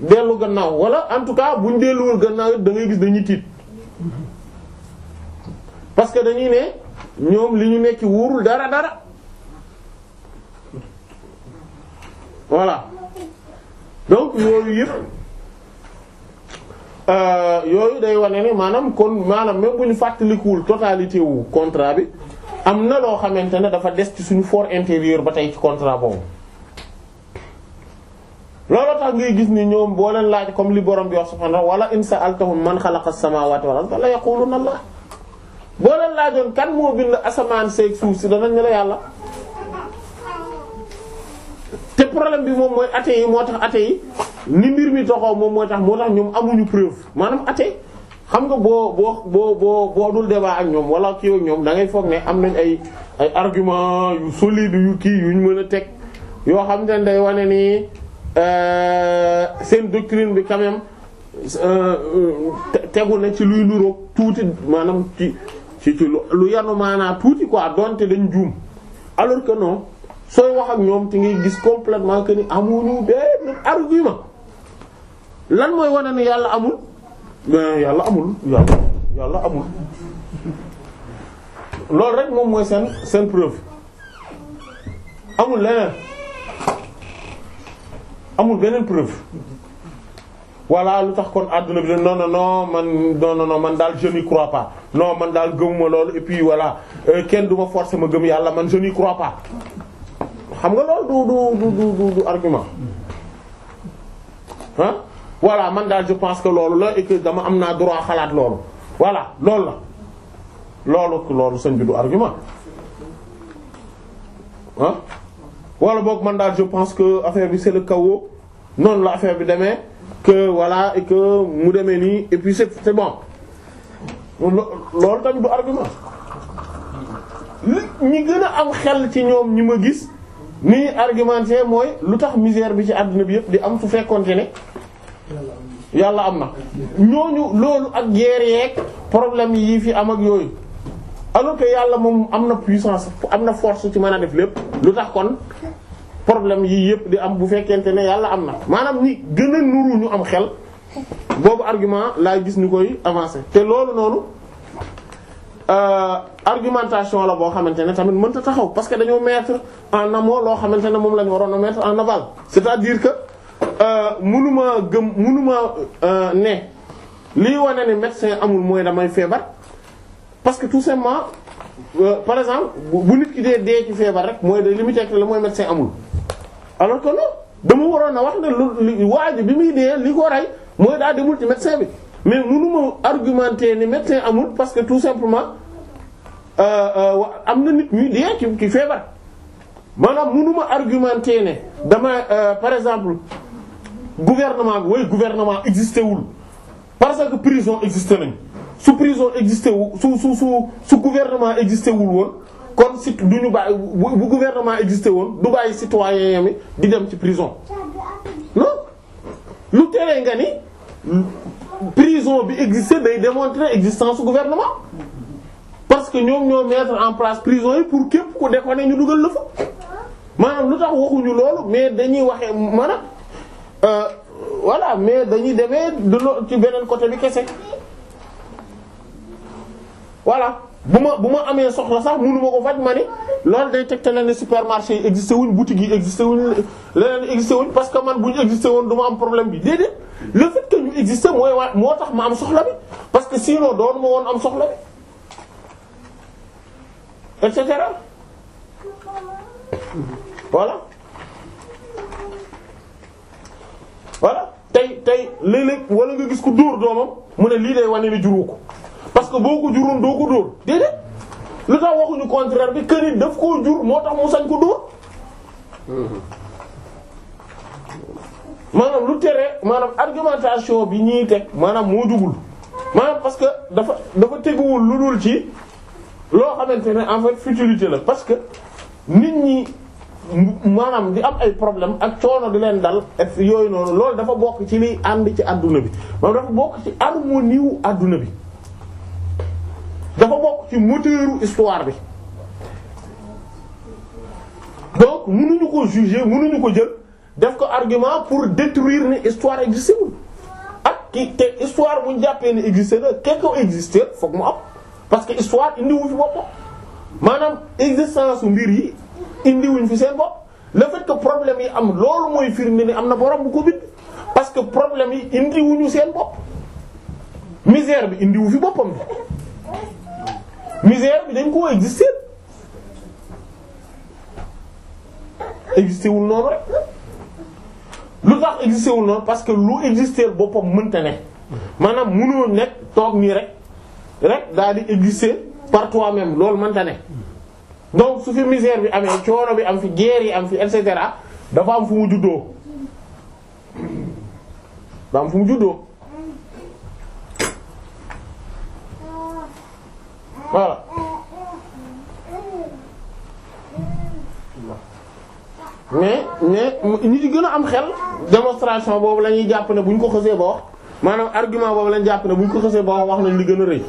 dellu gannaaw wala en tout cas bu ñu delluwul gannaaw da ngay gis dañuy tiit. parce que dañuy ne ñoom li ñu nekk wóorul dara dara voilà donc yooyu yëpp euh, yooyu day wane ne maanaam kon maanaam même bu ñu fàttalikuwul totalité wu contrat bi am na loo xamante ne dafa des ci suñu fort intérieur ba tey ci contrat boobu. looloo tax ngay gis ni ñoom boo leen laaj comme li borom bi wax subhaanahu wala in sa'altahum man xalaqa as-samaawaati wal arda la yaquluna boo leen laajoon kan moo bind asamaan seeg suuf si danañ ne la yàlla te problème bi moom mooy athée yi moo tax athée yi ni mbir mi toxoo moom moo tax moo tax ñoom amuñu preuve maanaam athée xam nga boo boo boo boo boo dul débat ak ñoom wala kii ak ñoom dangay foog ne am nañ ay ay argument yu solide yu kii yuñ mën a teg yoo xam ne day wane nii euh, seen doctrine bi quand même euh, euh, tegu nañ ci luy nuroog tuuti maanaam ci ci ci lu yanu maanaa tuuti quoi donte dañ juum alors que non sooy wax ak ñoom ci ngay gis complètement que ni amuñu benn argument lan mooy wane ne yàlla amul yàlla amul yàlla yàlla amul loolu rek moom mooy seen seen preuve amul leneen amul beneen preuve voilà lu tax kon àdduna bi de non non non man non non non man daal je n'y pas non man daal gëmuma loolu et puis voilà euh, kenn du ma forcer ma gëm yàlla man je n'y crois pas xam nga loolu du du du du du argument ah voilà man daal je pense que loolu la et que dama am naa droit xalaat loolu voilà loolu la. loolu loolu bi du argument ah wala book man daal je pense que affaire bi c'est le chaos noonu la affaire bi demee que voilà et mu demee nii et puis c'est c'est bon loolu tamit du argument li ñi gën a am xel ci ñoom ñi ma gis ni argumenté mooy lu tax misère bi ci àdduna bi yëpp di am su fekkoonte ne yàlla am na ñooñu loolu ak guerre yeeg problème yi fi am ak yooyu alors yàlla moom am na puissance am na force ci mën a def lépp lu tax kon problème yii yëpp di am bu fekkente ne yàlla am na maanaam ni gën a nuru ñu am xel boobu argument laay gis ñu koy avancé te loolu noonu euh, argumentation la boo xamante ne tamit mënta taxaw parce que dañoo mettre en amont loo xamante ne moom la ñu waroon a mettre en aval c'est-à-dire que euh, mënuma gëm mënuma euh, ne lii wane ne médecin amul mooy damay feebar parce que tout simplement par exemple bu nit ki dee dee ci feebar rek mooy de limité la mooy médecin amul alors que non dama waroon a wax ne lu waa bi muy dee li ko rey mooy daa demul ci médecin bi mais mënu ma argumenter ne amul parce que tout simplement euh, euh, am na nit ñuy dee ci ci feebar maanaam mënu ma argumenter ne dama euh, par exemple gouvernement bi way gouvernement existé wul parce que prison existé nañ su prison existé wu su su su su gouvernement existé woon. kon si du ñu bàyyi bu gouvernement existé woon du bàyyi citoyen yami di dem ci prison non lu tere nga ni prison bi existé day démontrer existence gouvernement parce que ñoom ñoo mettre en place prison yi pour képp ku déconné ñu dugal la fa maanaam lu tax waxuñu loolu mais dañuy waxee maanaam euh, voilà mais dañuy demee de ci beneen côté bi kese voilà bu ma bu ma amee soxla sax mënu ma ko faj ma ni loolu day tegtale ne supermarché yi existé wuñ boutique yi existé wuñ leneen existé wuñ parce que man bu ñu existé woon du am problème bi déedéet le fait que ñu mooy waa moo tax ma am soxla bi parce que sinon doon ma woon am soxla cetera voilà. voilà tey tey léeg wala nga gis ku dóor doomam mu ne lii day wane ni juru ko. parce que boo ko juroon doo ko dóor déedéet lu tax waxuñu contraire bi këriñ daf koo jur moo tax mu sañ ko dóor maanaam lu tere maanaam argumentation bi ñuy teg maanaam moo jugul maanaam parce que dafa dafa teguwul lu dul ci loo xamante ne en fait la parce que nit ñi maanaam di am ay problème ak coono di leen dal et yooyu noonu loolu dafa bokk ci liy ànd ci àdduna bi maanaam dafa bokk ci harmonie wu àdduna bi ci moteuru histoire bi donc mënuñu ko juger mënuñu ko jël def ko argument pour détruire ne histoire existé wul ak ki te histoire bu ñu jàppee ne existé na quelque ko existé fokk mu am parce que histoire indiwu fi boppam maanaam existence u mbir yi indiwuñ fi seen bopp le fait que problème yi am loolu mooy firnde ni am na borom bu ko bind parce que problème yi indiwuñu seen bopp misère bi indiwu fi boppam bi misère bi dañ koo exister exister wul noonu rek lu tax exister wul noonu parce que lu exister boppam mënta ne maanaam mënoo nekk toog nii rek rek daal di exister par toi-même loolu mënta ne donc su fi misère bi amee coono bi am fi guerre yi am fi et cetera dafa am fu mu juddoo dafa am fu mu juddoo. voilà mais mais ñi ci gën a am xel démonstration boobu la ñuy jàpp ne bu ñu ko xësee ba wax maanaam argument boobu lañu jàpp ne bu ñu ko xësee ba wax wax nañ li gën a rëy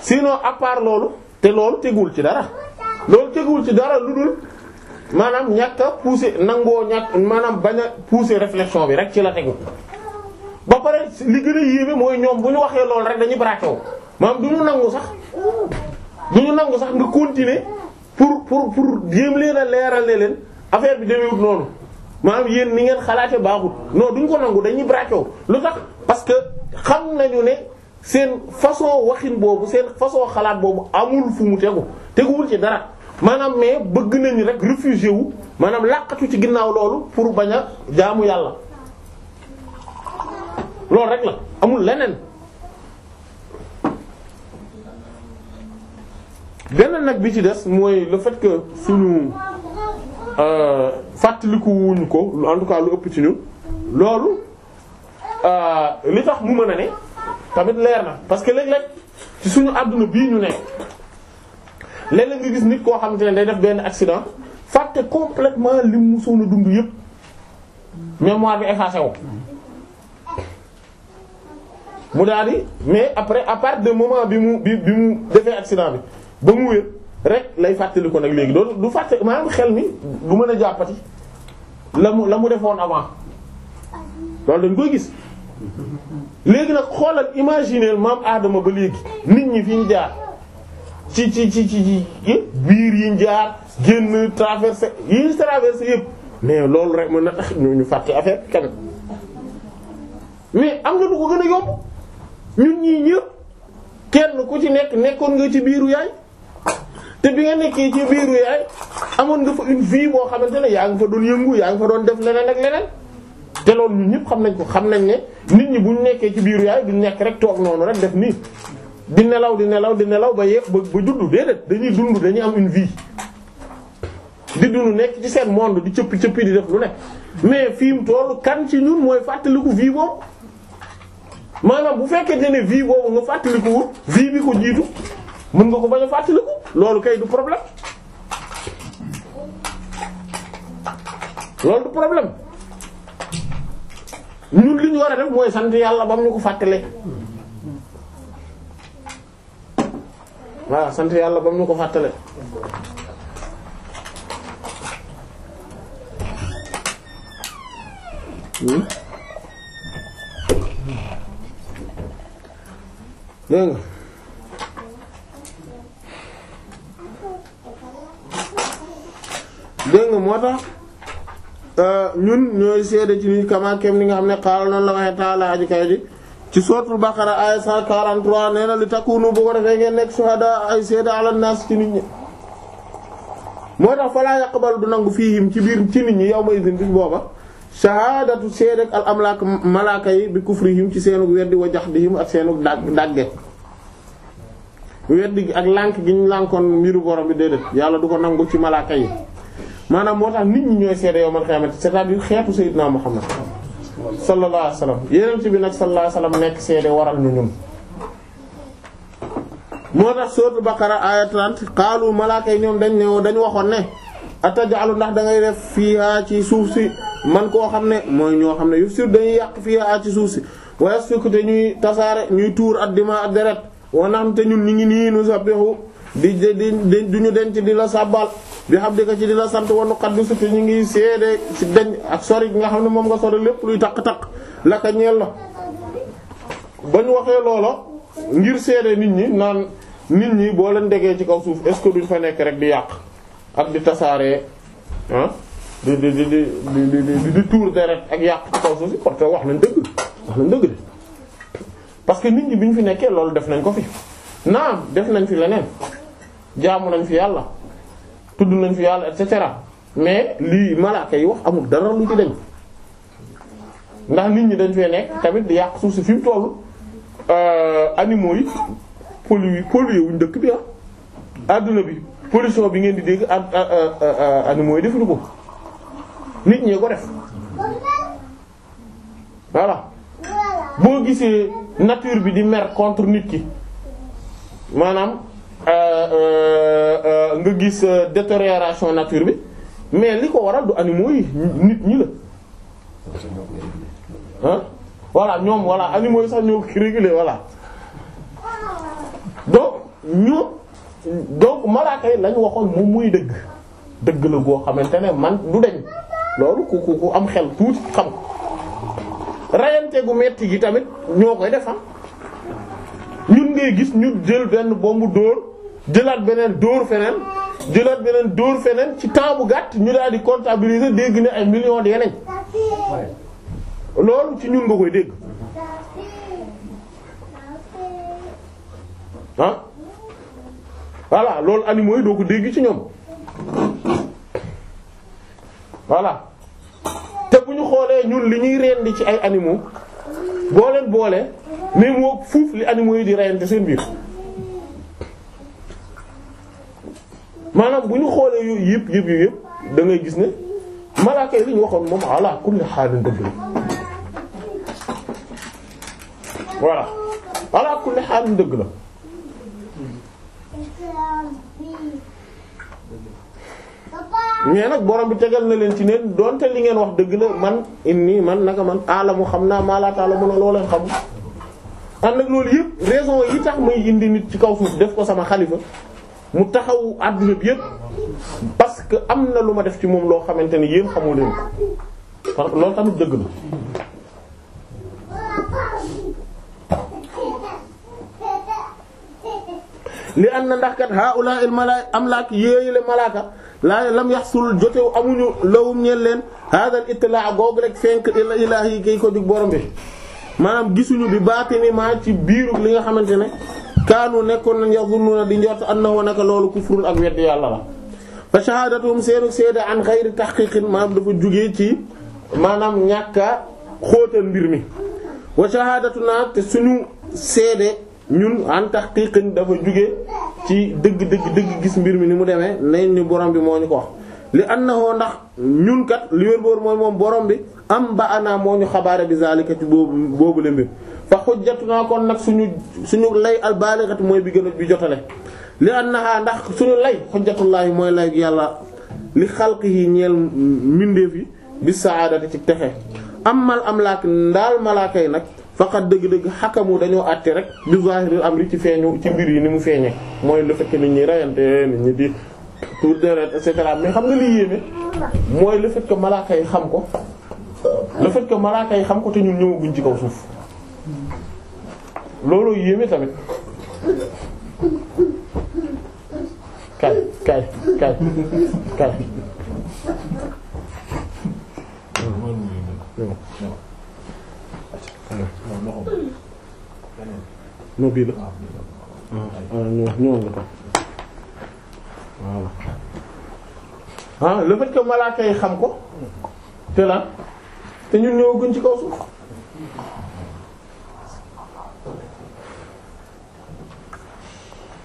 sinon à part loolu te loolu teguwul ci dara loolu teguwul ci dara lu dul maanaam ñàkk a pousser nangoo ñàkk maanaam bañ a pousser réflexion bi rek ci la tegu ba pare li gën a yéeme mooy ñoom bu ñu waxee loolu rek dañuy braqué wu maanaam du nangu sax duñu nangu sax nga continuer pour pour pour jéem leen a leerale leen affaire bi demewut noonu maanaam yéen ni ngeen xalaate baaxut non duñ ko nangu dañuy braqué lu tax parce que xam nañu ne seen façon waxin boobu seen façon xalaat boobu amul fu mu tegu teguwul ci dara maanaam mais bëgg nañu rek réfugié wu maanaam làqatu ci ginnaaw loolu pour bañ a jaamu yàlla loolu rek la amul leneen. benn nag bi ci des mooy le fait que suñu euh, fàttaliku wuñ ko en tout cas lu ëpp ci ñun loolu euh, li tax mu mën a ne tamit leer na parce que léeg-léeg ci suñu àdduna bii ñu nekk léeg-léeg nga gis nit koo xamante ne day def benn accident fàtte complètement li mu mosoon a dund yépp mémoire bi effacé wu. mu daal di mais après à partir de moment bi mu bi bi mu defee accident bi. ba mu wér rek lay fàttali nag léegi doo du fàtte maanaam xel mi du mën a jàppati la mu la mu defoon avant loolu dañ koy gis léegi nag xoolal imaginer maam aadama ba léegi nit ñi fi ñu jaar ci ci ci ci biir yi ñu jaar génn traversé yi ñu traversé yëpp mais loolu rek mën na tax ñu ñu fàtte affaire kenn mais am na du ko gën a yomb ñun ñii ñëpp kenn ku ci nekk nekkoon nga ci biiru yaay te bi nga nekkee ci biiru yaay amoon nga fa une vie boo xamante ne yaa nga fa doon yëngu yaa nga fa doon def leneen ak leneen te loolu ñun ñëpp xam nañ ko xam nañ ne nit ñi bu ñu nekkee ci biiru yaay du nekk rek toog noonu rek def nii di nelaw di nelaw di nelaw ba yépp ba ba judd déedéet dañuy dund dañuy am une vie di dund nekk ci seen monde di cëppi cëppi di def lu ne mais fi mu toll kan ci ñun mooy fàttaliku vie boobu maanaam bu fekkee ne vie boobu nga fàttaliku vie bi ko jiitu. mun nga ko bañ a fàttaliku loolu kay du problème loolu du problème ñun li ñu war a def mooy sant yàlla ba mu ñu ko fàttalee waaw sant yàlla ba mu ñu ko fàttale hmm? dégg dégg nga moo tax euh, ñun ñooy seede ci ni kama kem ni nga xam ne xaaral noonu la waxee taala aji kay ji ci sootul Baqara ay 143 nee na li takkuwoon bu ko defee ngeen nekk shuhada ay seede ala nas ci nit ñi. moo tax falaa yaqbalu du nangu fiihim ci biir ci nit ñi yow may bis booba shahadatu seede ak al amlaak malaaka yi bi kufrihim ci seenu weddi wa jahdihim ak seenu dàgg dàgge. weddi ak lànk gi ñu lànkoon mbiru borom bi déedéet yàlla du ko nangu ci malaaka yi. maanaam moo tax nit ñi ñooy seede yow man xiyaamat c'est-à-dire xeetu Seydina Muhammad sallallahu alayhi wa sallam yeneen bi nag sallallahu alayhi wa sallam nekk seede waral ñu ñun moo tax suratul Baqara aya 30 xaalu malaaka ñoom dañ ne dañu waxoon ne atajaalu ndax dangay ngay fii fiihaa ci suuf si man koo xam ne mooy ñoo xam ne yuf sur dañuy yàq fiihaa ci suuf si waaye sukk te ñuy tasaare ñuy tuur ak dima ak deret wa naxam te ñun ñi ngi nii nu sabbihu di di duñu denc di la sàbbal bi hamdika ci di la sant wa nuqaddisu te ñu ngi seede ci dañ ak sori nga xam ne moom nga sori lépp luy taq-taq laka ñeel la ba ñu waxee loola ngir seede nit ñi naan nit ñi boo leen degee ci kaw suuf est-ce que duñ fa nekk rek di yàq ak di tasaaree ah di di di di di di tuur deret ak yàq ci kaw suuf si parce que wax nañ dëgg wax de parce que nit ñi bi ñu fi nekkee loolu def nañ ko fi naam def nañ fi leneen jaamu nañ fi yàlla. tudd nañ fi yàlla et cetera mais lii malaaka yi wax amul dara lu ci dañ ndax nit ñi dañ fee nekk tamit di yàq suuf si fi mu toll euh, yi pollué dëkk bi ah bi pollution bi ngeen di dégg animaux yi defuñu ko nit ñee ko def voilà boo gisee nature bi di mer contre nit ki maanaam Euh, euh, euh, nga gis détérioration nature bi mais li ko waral du animaux yi nit ñi la ah voilà ñoom voilà animaux yi sax ñoo ko réguler voilà donc ñu donc malaaka yi lañ waxoon moom muy dëgg dëgg la goo xamante ne man du deñ loolu ku ku ku am xel tuuti xam ko rayante gu metti gi tamit ñoo koy defam ngay gis ñu jël benn bombu dóor jëlaat beneen dóor feneen jëlaat beneen dóor feneen ci temps gàtt ñu daal di dégg ne ay millions ci ñun nga koy dégg ah voilà loolu animaux yi doo ko dégg ci ñoom voilà te bu ñu xoolee ñun li ñuy rendi ci ay animaux. booleel boole boolee mais moo fuuf li animaux yi di reyante seen biir maanaam bu ñu xoolee yooyu yëpp yëpp yëpp da gis ne malaaka yi li ñu waxoon moom ala kulli xaalin dëgg la voilà ala kulli xaalin dëgg la mais nag borom bi tegal na leen ci neen donte li ngeen wax dëgg la man inni man naka man aalamu xam naa maalaataala mu ne loo leen xam ànd ak loolu yëpp raison yi tax may indi nit ci kaw suuf def ko sama xalifa mu taxaw àdduna bi yëpp parce que am na lu ma def ci moom loo xamante ne yéen xamoo leen que loolu tamit dëgg la li an na ndax kat haula il mala am laak yéeyule malaaka laa lam yaxsul jotew amuñu lawum ñeen leen hadal ittila googu rek fenk ila ilaahi gi ko dig borom bi maanaam gisuñu bi baatini ma ci biiru li nga xamante ne kaanu nekkoon nañ yazunnuuna di njort annahu naka loolu kufrun ak weddi yàlla la fa shahadatuhum seenu seede an xayri tahqiqin maanaam dafa jugee ci maanaam ñàkka xóotal mbir mi wa shahadatuna te suñu seede ñun en tahqiqan dafa jóge ci dëgg dëgg dëgg gis mbir mi ni mu demee nañ ñu borom bi moo ñu ko wax li annahu ndax ñun kat li wér boor mooy moom borom bi am ba ana moo ñu xabaare bi zalika ci boobu boobu le mbir fa xujjatuna kon nag suñu suñu lay al balighat mooy bi gën a bi jotale li annaha ndax suñu lay xujjatullaahi mooy lay yàlla li xalqihi ñeel mbindeef yi bi saadati ci texe am amal amlaak ndaal malaaka yi nag faqat dëgg-dëgg xakamu dañoo àtte rek bi zahiril amri ci feeñu ci mbir yi ni mu feeñee mooy le fait que nit ñi rayante nit ñi di tour deret et cetera xam nga liy yéeme mooy le fait que xam ko le fait que malaaka yi xam ko te ñun ñëwaguñ ci kaw suuf looloo yéeme tamit kay kay kay kay non bii la ñu wax ko voilà ah, xam ko te la te ñun ñëwaguñ ci kaw suuf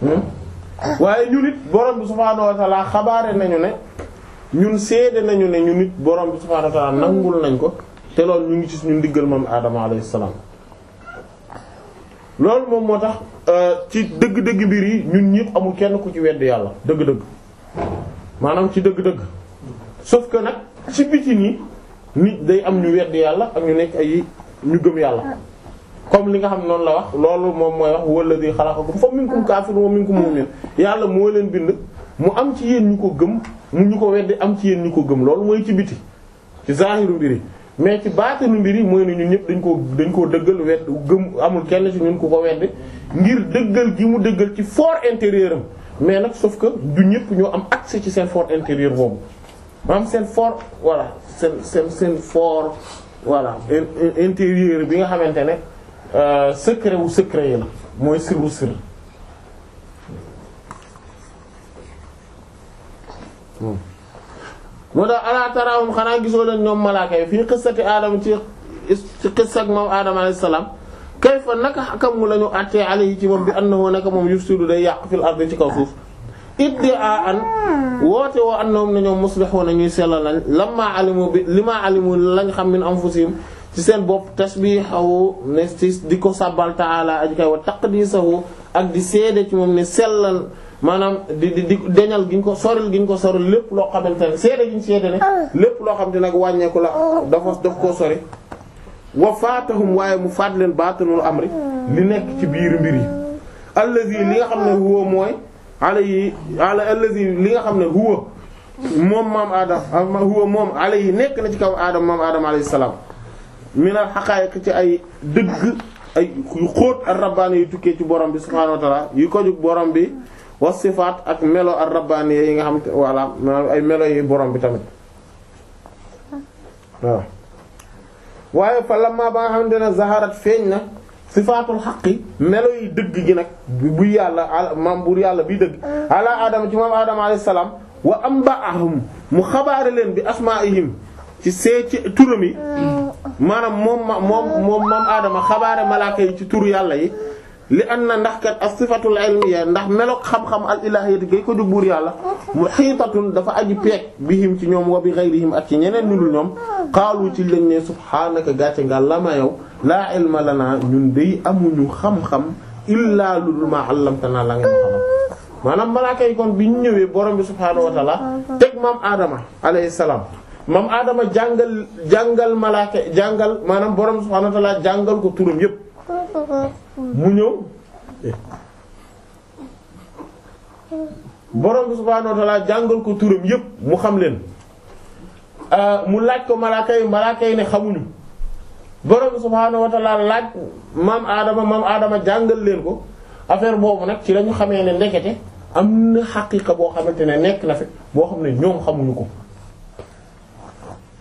hmm? waaye ñun it borom bi subhaanahu wa ta'ala xabaare nañu ne ñun seede nañu ne ñun it borom bi subhaanahu wa ta'ala nangul nañ ko te loolu ñu ngi ci suñu ndiggal moom Adama alayhi salaam loolu moom moo tax euh, ci dëgg-dëgg mbir yi ñun ñëpp amul kenn ku ci wedd yàlla dëgg-dëgg maanaam ci dëgg-dëgg sauf que nag ci biti nii nit day am ñu wedd yàlla ak ñu nekk ay ñu gëm yàlla comme li nga xam noonu la wax loolu moom mooy wax wala di xalaqakum fa minkum kaafir wa minkum mu'min yàlla moo leen bind mu am ci yéen ñu ko gëm mu ñu ko weddi am ci yéen ñu ko gëm loolu mooy ci biti ci zaahiru mais ci baatinu mbir yi mooy na ñun ñëpp dañ koo dañ koo dëggal wedd gëm amul kenn ci ñun ku ko wedd ngir dëggal gi mu dëggal ci foor intérieur am mais nag sauf que du ñëpp ñoo am accès ci seen foor intérieur boobu maanaam seen fort voilà seen seen fort voilà intérieur bi nga xamante ne euh, secret wu mooy sir wu hmm. moo tax alaa xanaa gisoo leen ñoom malaaka yi fii xissati aadama ci ci xissak moom aadama alayhi salaam kayfa naka xakamu la ñu àttee alayhi ci moom bi annahu naka moom yufsidu day yàq fil ardi ci kaw suuf iddaa an woote woo annahum na ñoom muslihuna ñuy sellal lañ lamma alimu bi lima alimu lañ xam min anfusihim ci seen bopp tasbihahu ne ci di ko sabbal ta'ala aji kay wa taqdisahu ak di seede ci moom ne sellal maanaam di di di deñal gi ñu ko soril gi ñu ko soril lépp loo xamante ne seede gi ñu seede ne ah. lépp loo xamante nag wàññeeku la dafa daf koo sori wa faatahum waaye mu faat leen baatinul amri li nekk ci biir mbir yi allazi nga xam ne huwa mooy ala yi ala allazi li nga xam ne huwa moom maam aadam huwa moom ala yi nekk na ci kaw aadam maam aadam alayhi salaam minal xaqaayiq ci ay dëgg ay yu xóot ak rabbaani yu tukkee ci borom bi subhaanahu wa ta'aala yu borom bi wa sifaat ak melo ar rabbaani yi nga xam te voilà ay melo yi borom bi tamit waaye fa lamma ba nga xamante ne zaharat feeñ na sifaatul xaqi melo yi dëgg gi nag bu yàlla maam buur yàlla bi dëgg ala adama ci moom adama alayhi salaam wa amba'ahum mu xabaare leen bi asma'ihim ci see ci turam yi mm. maanaam moom moom moom moom adama xabaare malaaka yi ci tur yàlla yi li an na ndax kat as sifatul ilmiya ndax meloog xam-xam al ilahiyati gay ko di buur yàlla mu xiitatun dafa aji peeg bihim ci ñoom wa bi ghayrihim ak ci ñeneen ñu dul ñoom xaalu ci lañ ne subhaanaka gàcce nga la yow laa ilma naa ñun day amuñu xam-xam illaa lu dul maa allamtanaa la nga ñu xamal maanaam yi kon bi ñu ñëwee borom bi subhaanahu wa teg maam aadama alayhi salaam maam aadama jàngal jàngal malaaka jàngal maanaam borom jàngal ko turam yépp mu ñëw borom bi subhaanahu jàngal ko turam yépp mu xam leen euh, mu laaj ko malaaka yi ne xamuñu borom bi subhaanahu laaj maam aadama maam aadama jàngal leen ko affaire boobu nag ci lañu ñu xamee ne ndekete am na xaqiqa boo xamante ne nekk na fi boo xam ne ñoom xamuñu ko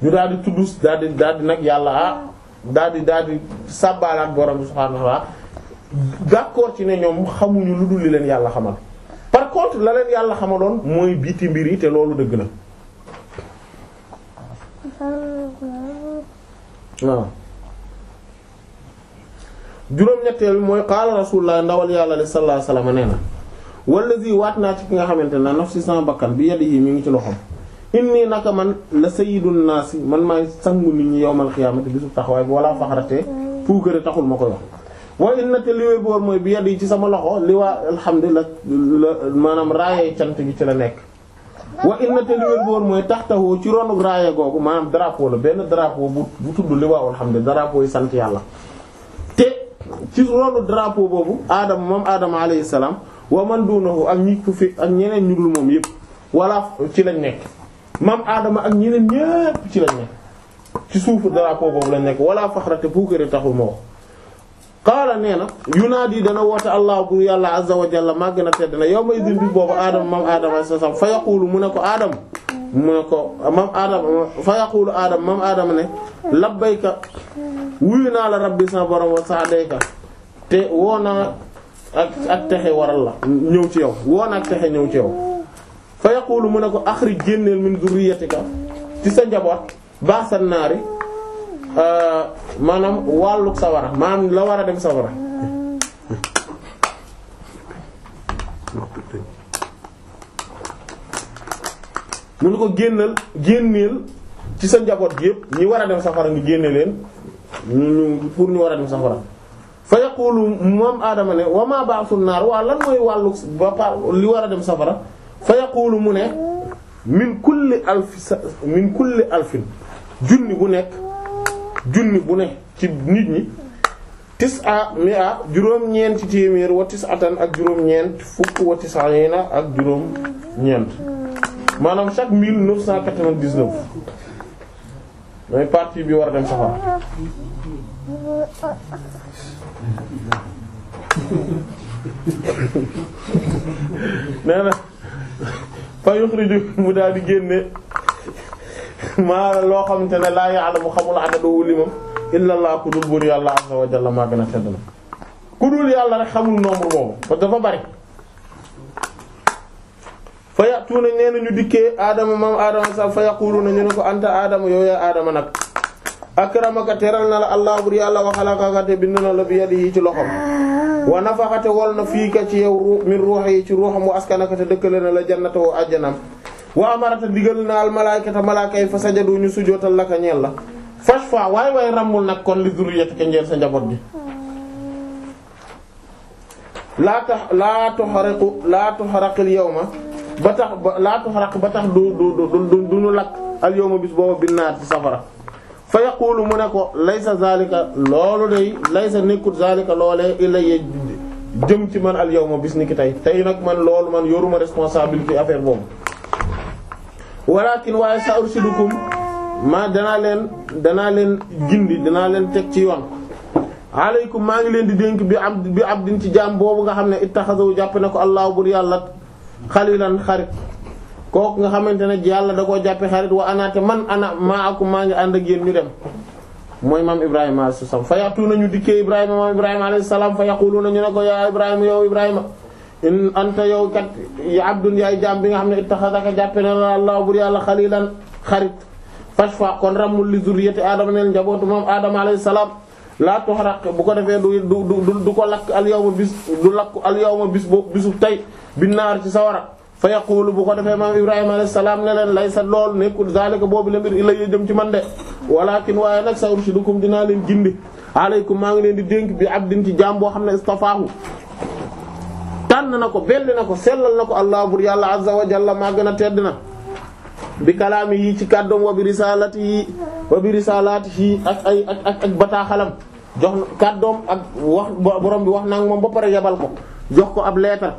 ñu daal di tudd daal nag yàlla ah daal di daal di sàbbaalaat borom bi subhaanahu wa ta'ala d'accord ci ne ñoom xamuñu lu dul li leen yàlla xamal par contre la leen yàlla xamaloon mooy biti mbir yi te loolu dëgg la waaw juróom-ñetteel mooy qaala rasulullah ndawal yàlla li sallallahu alayhi wasallam nee na wallazi waat naa ci ki nga xamante ne nafsi sama bakkan bi yadihi mi ngi ci loxoom inni naka man la sayyidun naas man maay sangu nit ñi yowmal xiyaamati bisu taxawaay bi wala faxrate puukare taxul ma koy wax. inna te li mooy bi yi ci sama loxo li waa alhamdulilah la maanaam raayay cant gi ci la nekk. wa inna te li boor mooy taxtawoo ci ronu raaya googu maanaam drapeau la benn drapeau bu bu tudd li waa alhamdulilah drapeau yi sant yàlla. te ci ronu drapeau boobu Adama moom Adama alayhi salaam wa man duunahu ak ñi ku fi ak ñeneen ñu dul moom yépp wala ci lañ nekk. maam aadama ak ñeneen ñépp ci lañ ci suufu drapeau boobu la nekk wala faxrate puukare taxul ma wax qaala nee na yunaadi dana woote allah bu yàlla azza wa jalla màgg na tedd na yow may din bi boobu aadama maam aadama sa sam fa yaqulu mu ne ko aadama mu ne ko maam aadama fa yaqulu aadama maam aadama ne labbayka wuyu naa la bi sa borom wa saadayka te woo naa ak ak texe waral la ñëw ci yow woo naa ak texe ñëw ci yow yaqulu mu ne ko axrij génneel min zurriyatika ci sa njaboot baasan naari euh, maanaam wàllug sawara maanaam la war a dem sawara mu ko génnal génneel ci sa njaboot yëpp ñi war a dem safara ngi génne leen pour ñu war a dem safara fa yaqulu moom aadama ne wa ma ba'su naar waa lan mooy wàllu ba li war a dem safara fa mu ne min kulli alfin junni bu nekk junni bu ne ci nit ñi tis a mi a juróom-ñeent téeméer wa tis atan ak juróom-ñeent fukk wa tis ayena ak juróom-ñeent maanaam chaque mille neuf cent quatre-vingt-dix-neuf mooy partie bi war a dem safara fa yuxriju mu daal di génne maa loo xamante ne laa ya'lamu xamul adadahu limam illa Allah ku dul buur yàlla azza wa jalla maa gën a tedd na ku dul yàlla rek xamul nombre boobu parce que dafa bari fa ya'tuuna nee na ñu dikkee aadama maam aadama sax fa yaquluuna ñu ne ko anta aadama yow yaa aadama nag akramaka teral na la allah buur yàlla wa xalaqaka te bind na la bi yadihi ci loxom waa nafaxate wol na fii ka ci yow ruux min ruux yi ci ruuxam wa askanaka te dëkkale na la jannata wa ajjanam wa amarata digal na al malaykata malaaka yi fa sajadu ñu sujootal laka ñeel la fash fa waay waay ràmmul nag kon li zurriyati ka ñeel sa njaboot bi laa tax laa tuxariqu laa tuxaraqil yawma ba tax laa tuxaraq ba tax du du du du nu lakk al yawma bis booba binnaar ci safara fa yaqulu mu ne ko laysa zalika loolu day laysa nekkut zalika loolee ilayya jëm ci man al yawma bis ni tey tey nag man loolu man yoruma responsabilité affaire boobu walakin waaye sa ursidukum ma danaa leen danaa leen gindi danaa leen teg ci yoon aleykum maa ngi leen di dénk bi abd bi abdin ci jaam boobu nga xam ne ittaxasawu jàpp ne ko allah bur yàlla xalilan xarit kooku nga xamante ne yàlla da koo jàppe xarit wa anaate man ana maa akum maa ngi ànd ak yéen ñu dem mooy maam ibrahima a salaam fa yàttu nañu dikkee ibrahima maam ibrahima alayhi salaam fa ñu ne ko yaa ibrahima in anta yow kat ya abdun bi nga xam ne ittaxadaka jàppe na la allah bur yàlla xalilan xarit fashfa kon ramul li zurriyati aadama neel njabootu moom aadama alayhi salaam laa tuhraq bu ko defee du du du ko lakk al yawma bis lakk al yawma bis boobu bisu tey binnaar ci sawara fa yaqulu bu ko defee maam Ibrahima alayhi salaam ne leen laysa lool nekkul zalika boobu la mbir illa jëm ci man de. walakin waaye nag sa urshidukum dinaa leen gindi aleykum maa ngi leen di dénk bi abdin ci jaam boo xam ne istafaahu tànn na ko belli na ko sellal na ko allah bur yàlla azza wa jalla maa gën a tedd na. bi kalaami yi ci kàddoom wa bi risalati yi wa ak ay ak bataaxalam jox kàddoom ak wax borom bi wax naa moom ba pare yabal ko jox ko ab leetar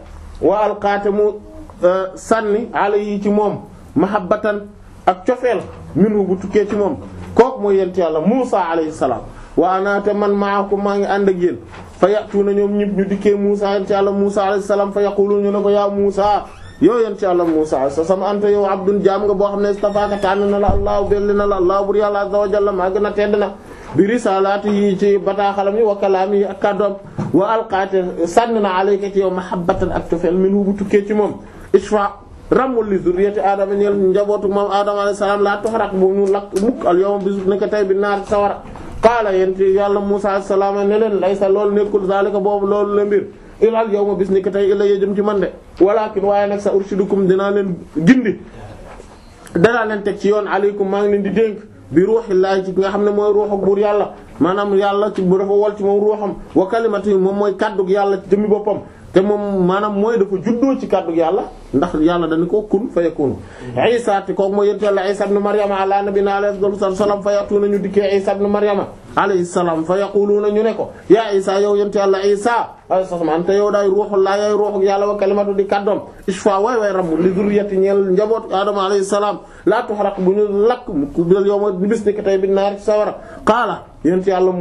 Euh, sànni ala yi ci moom ma mahabbatan ak cofeel minu bu tukkee ci moom kooku mooy yent yàlla Muusa alayhi salaam wa anaate man ko maa ngi ànd ak yéen fa yàtu na ñoom ñëpp ñu dikkee Muusa yent yàlla Muusa alayhi salaam fa yaqulu ñu ne ko yaa Muusa yow yent yàlla Muusa sa sama anta yow abdun jaam nga boo xam ne stafaaka tànn na la allaahu belli na la allaahu bur yàlla azza wa jalla gën a tedd na bi risalaati yi ci bataaxalam yi wa kalaam yi ak kàddoom wa alqaate sànn na ak cofeel minu bu ci moom ishfa ràmmul li zurriyati aadama ñeel njabootu moom aadama alayhi salaam laa tuxraq bu al yawma bis nekk bi naar sawara qaala yent yàlla Muusaa alayhi salaam ne leen laysa loolu nekkul zaalika boobu loolu la mbir ilal yawma bis nekk tey illa jëm ci man de walaakin waaye nag sa urshidukum dinaa leen gindi danaa leen teg ci yoon aleykum maa ngi leen di dénk bi ruuxillaahi ci nga xam ne mooy ruuxu buur yàlla maanaam yàlla ci bu dafa wol ci moom ruuxam wa kalimati moom mooy kàddug yàlla ci jëmmi boppam te moom maanaam mooy dafa juddoo ci kàddu yàlla ndax yàlla dañu ko kun fa yakunu Isa te kooku mooy yonent yàlla Isa ibn Maryama ala nabina alayhi salaam fa yatuna ñu dikkee Isa ibn Maryama alayhi salaam fa yaquluna ñu ne ko yaa Isa yow yonent yàlla Isa alayhi salaam anta yow daay ruuxul laa yaay ruuxu yàlla wa kalimatu di kàddoom ishfa waay waay ramm li zurriyati ñeel njaboot Adama alayhi salaam laa tuhraq bu ñu lakk ku yow ma bis ni ko tey bi naar ci sawara qaala yonent yàlla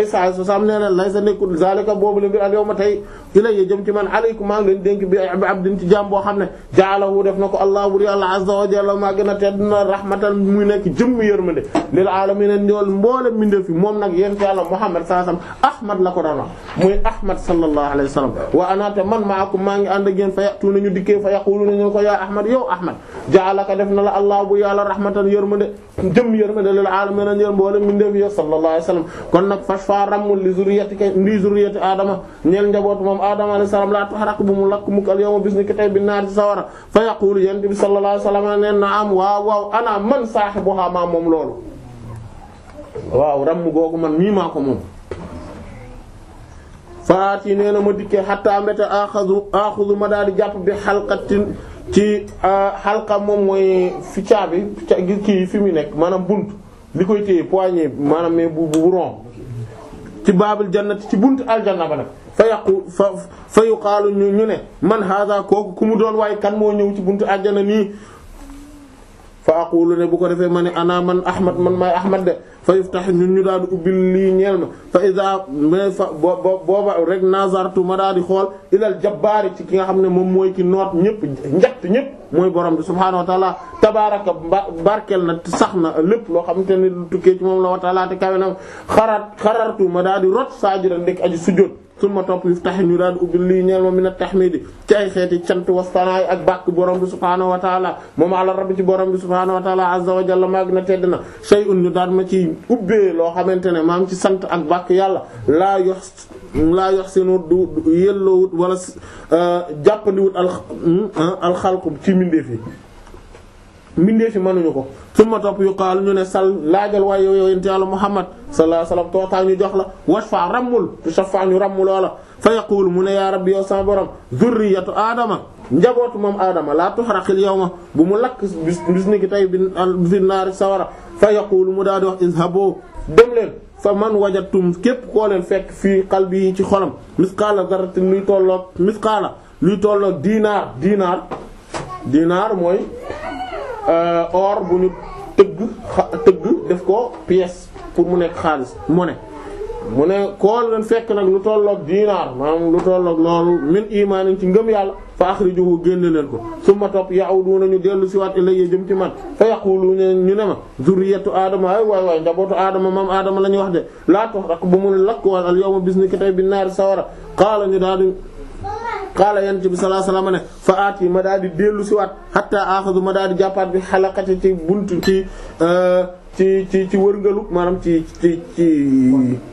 Isaa so sam nee na lay sa nekkul zalika boobu le mbir al yawma tey ilayya jëm ci man alaykum maa ngi leen dénk bi abdin ci jaam boo xam ne jaalahu def na ko allah bur yàlla azza wa jalla maa gën a tedd na rahmatan muy nekk jëmm yërmande lil alamina ñool mboole mbindeef yi moom nag yonent yàlla Muhammad sallallahu alayhi ahmad la ko daan wax ahmad sallallahu wa anaata man maakum maa ngi ànd ak yéen fa yatu nañu dikkee fa yaquluna ñu ko yaa ahmad yow ahmad def na la allah bur yàlla rahmatan yërmande jëm yërmande lil aalamiin na ñeel mboolem mbindeef ya sallallahu alayhi wa sallam kon nag fas faa ràmmul li zurriyatika li zurriyati aadama ñeel njaboot moom aadama alayhi salaam laa tuhraq bu mu lakk mukk al yawma bis ki tey bi naar ci fa yaqulu yent bi sallallahu alayhi wa na am waaw waaw ana man saahibuhaa maa moom loolu waaw ràmm googu man mii maa moom faat yi ma dikkee xattaa mbéte axasu axusu ma daal di bi xalqatin ci xalqa euh, moom mooy fi caabi kii fi mu nekk maanaam bunt li koy téye poignée maanaam mais bu bu rond ci baabul jannati ci bunt aljanna ba nag fa yàqu fa fa yuqaalu ñu ne man hada kooku ku mu doon waaye kan moo ñëw ci bunt aljanna nii fa aqulu ne bu ko defee ma ne ana man ahmad man maay ahmad de fa yuftax ñun ñu daal di ubbil lii ñeel ma fa isa fa booba rek nazartu ma daal di xool ilal jabbaari ci ki nga xam ne moom mooy ki noot ñëpp njatt ñëpp mooy borom bi subhaanahu wa taala tabaraka barkeel na sax na lépp loo xam te ne tukkee ci moom la wa taala te kawe na xarat xarartu ma daal di rot saajira ndekk aji sujjóot suma topp yu tax ñu daan ubbil lii ñeel ma mina a ci ay xeeti cant wastanaay ak bàkk borom bi subhaanahu wa taala moom ala rabbi ci borom bi subhaanahu wa taala azza jalla maag na tedd na shay'un ñu daan ma ci ubbee loo xamante ne maam ci sant ak bàkk yàlla laa yox laa yox sinu du yelloowut wala euh, jàppandiwut hmm, ah, alxalqu ci mindeef yi mbindee fi mënuñu ko suma topp yu qaal ñu ne sal laajal waaye yow yonent yàlla Muhammad sallallahu alayhi wasallam tootaa ñu jox la waj faa rammul tu sa faa ñu ramm loola fa yaqul mu ne yaa rabbi yow sama borom zurriyatu aadama njabootu moom aadama laa tuhraqil ma bu mu lakk bis bis ni tey bi fi naari sawara fa yaqul mu daal di wax izhabu dem leen fa man wajatum képp koo leen fekk fii qalbi yi ci xolam misqaala zarratin luy tolloog misqaala luy tolloog dinaar dinaar dinaar Euh, or bu ñu tëgg tëgg def ko pièce pour mu nekk xaalis monnaie mu ne kool leen fekk nag lu tolloog dinaar maanaam lu tolloog loolu min imaanin ci ngëm yàlla fa axrijuhu génne leen ko summa topp ya'uduna ñu dellu si waat ilayya jëm ci man fa yaquluna ñu ne ma zurriyatu adama ay waay waay njabootu aadama maam aadama la ñuy wax de laa tox rak bu mu ne lakk wal al yawma bis ni ki tey bi sawara qaala ñu daal di qaala yonent bi sallallahu alayhi wasallam ne fa aat yi ma daal di dellu si waat hatta axadu ma daal di jàppaat bi xalaqati ci buntu ci euh, ci ci ci wërngalu maanaam ci ci ci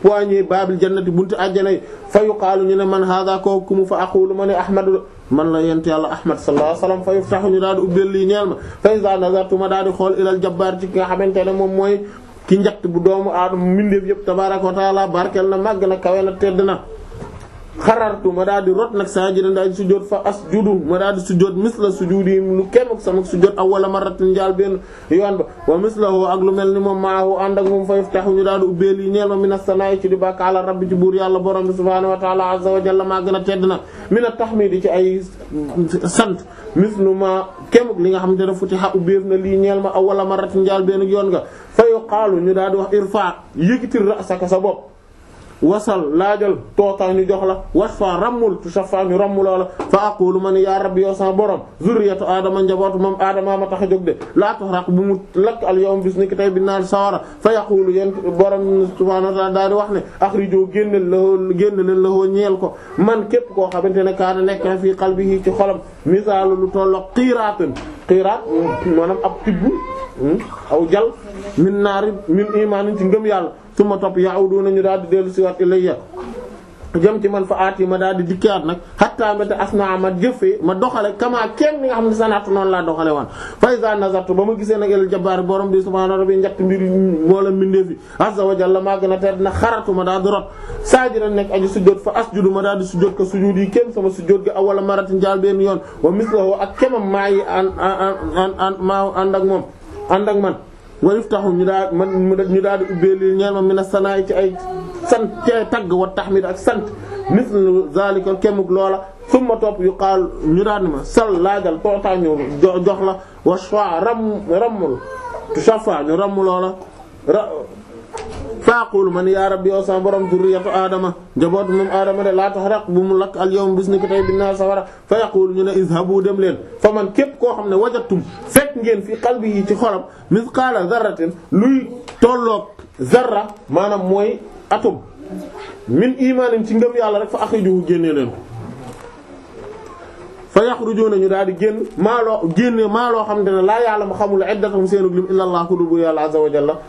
poignée baabil jannati buntu àjjana yi fa yuqaalu ñu ne man hada ko ku mu fa aqulu ma ne ahmadu man la yent yàlla ahmad sallallahu alayhi wasallam fa yuftahu ñu daal di ubbeel lii ñeel ma fa iza nazartu ma daal di xool ilal jabbaar ci ki nga xamante ne moom mooy ki njëkk bu doomu aadama mbindeef yëpp tabaaraka wa taala barkeel na màgg na kawe na na xarartu ma daal di rot nag saajidan daal di sujjóot fa asjudu ma daal di sujjóot misla sujudi lu kenn ak sama sujjóot awwala marratin njaal benn yoon ba wa mislahu ak lu mel ni moom maahu ànd ak moom fa yaftahu ñu daal di ubbeel yi ñeel ma mina sanaayi ci di bàkk ala rabbi ci buur yàlla borom bi subhaanahu wa ta'ala azza wa jalla maa gën a tedd na mina tahmidi ci ay sant ma kenn li nga xamante ne futiha ubbeef na lii ñeel ma awwala marratin njaal benn yoon nga fa yuqaalu ñu daal di wax irfa yëkkitil ra'saka sa bopp wasal laajal tootaa ñu jox la wasfa rammul tushaffa ñu rammuloo la fa aqulu man yaa rabbi yow sama borom zurriyatu aadama njabootu moom aadama ma tax a jóg de laa tuhraq bu mu lakk al yawm bis ni ki tey bi naan sawara fa yaqulu yéen borom subhaanahu wa daal di wax ne akhrijoo génne la génne leen la woo ñeel ko man képp koo xamante ne kaana nekk na fii qalbihi ci xolam misaalu lu tolloog qiiraatan qiiraat maanaam ab tibb hmm, aw jal min naari min imaanin ci ngëm yàlla su ma topp ya'uduna ñu daal di dellu siwaat ilayya jëm ci man fa aat yi ma daal di dikkaat nag xattaa mbéte asnaa ma jëfee ma doxale kamaa kenn li nga xam ne sanaatu noonu laa doxale waan fa iza nazartu ba ma gisee nag el jabaar borom bi subhaana rabbi njett mbir mboola mbindeef yi azza wa jalla maa gën a tedd na xaratu ma daal di rot saajira nekk aji sujjóot fa asjudu ma daal di sujjóot ko sujjóot yi kenn sama sujjóot ga awala marati njaal benn yoon wa mislahu ak kemam maa yi an an an maa ànd ak moom ànd ak man wa yuftahu ñu daal man ñu daal di ubbee lii ñeel ma mina sanaay ci ay sant ci ay tagg wa tahmid ak sant mislu zalika kemuk loola summa topp yu qaal ñu daal di ma sal laajal tootaa ñu jox la wa shfa ram rammul tu shafa ñu ramm loola faaqul man yaa rabbi yow sama borom zurriyatu aadama njaboot moom aadama de laa taxraq bu mu lakk al yawm bis ni ko tey binaa sawara fa yaqul ñu ne izhabu dem leen fa man képp koo xam ne wajatum fekk ngeen fi qalbi yi ci xolam misqaala zarratin luy tolloog zarra maanaam mooy atum min imaanin ci ngëm yàlla rek fa akhrijuhu génnee leen fa yaxrujuuna ñu daal di génn maaloo génne maaloo xam te ne laa yàlla ma xamul iddatakum seenu lim illa allah ku dul bu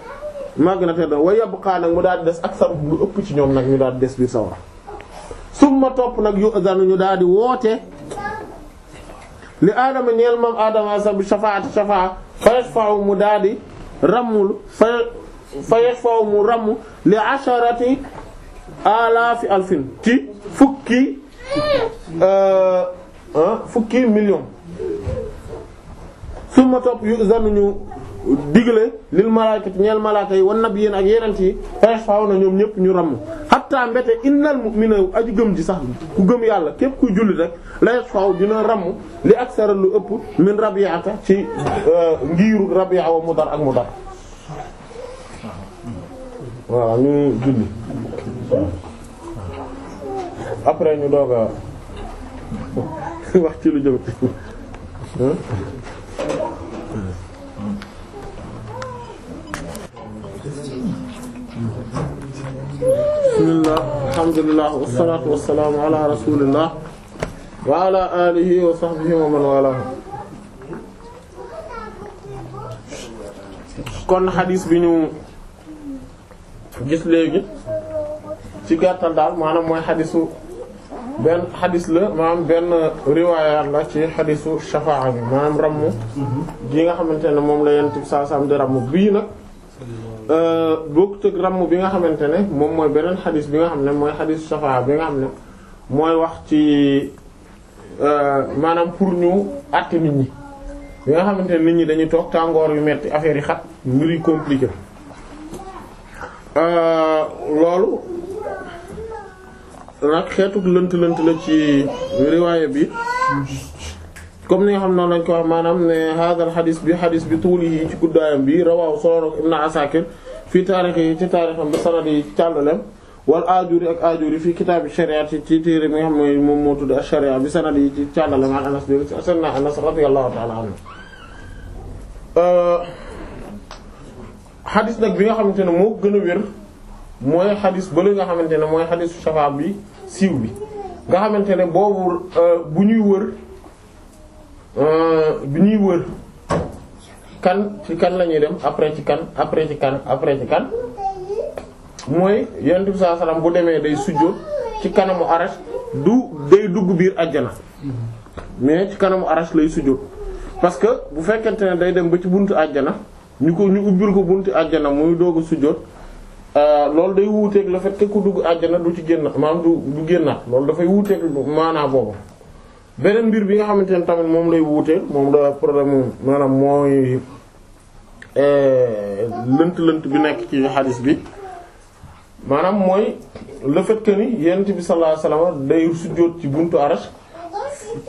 màgg na te doon wa mu daal des ak saru lu ci ñoom nag ñu daal des biir sawar summa topp nag yu azanu ñu daal di woote li aadama ñeel moom aadama sa bi mu daal di ramul fa fa mu ramu li asharati euh, topp yu azanu ñu digle lil malaakati ñeel malaaka yi wan nabiyyin ak yenent yi faw na ñoom ñëpp ñu ramm xattaa mbete innal mu'mina aju gëm ji sax ku gëm yàlla képp ku julli rek la faw dina ramm li aksara lu ëpp min rabiata ci euh, ngiiru rabia wa mudar ak mudar waaw ñu julli après ñu dooga wax ci lu jëm bismillah alhamdulillah wassalaatu wassalaamu ala rasulillah wa ala alihi wa sahbihi wa man walaahu kon xadis bi ñu gis léegi ci gàttal daal maanaam mooy xadisu benn xadis la maanaam benn riwaayaat la ci xadisu shafaa bi maanaam ramm gi nga xamante ne moom la yent bi saa di ramm bii nag Euh, bokkut ak ramm bi nga xamante ne moom mooy beneen xadis bi nga xam ne mooy xadis safa bi nga xam ne mooy wax ci euh, maanaam pour ñu àtte nit ñi bi nga xamante ne nit ñi dañuy toog tàngoor yu metti affaire yi xat mbir yu compliqué euh, loolu nag xeetu lënt lënt la ci riwaaya bi comme ni nga xam noonu lañ ko wax maanaam ne hadal xadis bi xadis bi tuuli yi ci guddaayam bi rawaaw solo ibn Asakir fii taarix yi ci taarixam bi sanad yi ci càllolem wal ajuri ak ajuri fii bi nga moo tudd sharia bi sanad yi ci càllolem an Anas bi nag bi nga xamante ne moo gën a wér mooy xadis ba li nga xamante ne mooy xadisu shafa bi siiw bi nga xamante ne boobu euh, bu ñuy wër Euh, bi ñuy wër kan ci kan lañuy dem après ci kan après ci kan après ci kan mooy yonent bi sallallahu bu demee day sujjóot ci kanamu arash du day dugg biir àjjana mais ci kanamu arash lay sujjóot parce que bu fekkente ne day dem ba ci bunt àjjana ñu ko ñu ubbil ko buntu àjjana muy doog a sujjóot euh, loolu day wuuteeg le fait que ku dugg àjjana du ci génn maanaam du du génnaat loolu dafay wuuteeg maanaa boobu. beneen mbir bi nga xamante ne tamit moom lay wuuteel moom da problème maanaam mooy eh, lënt-lënt bi nekk ci xalis bi maanaam mooy le fait que bi sallallahu alayhi wasallam day sujjóot ci buntu Arash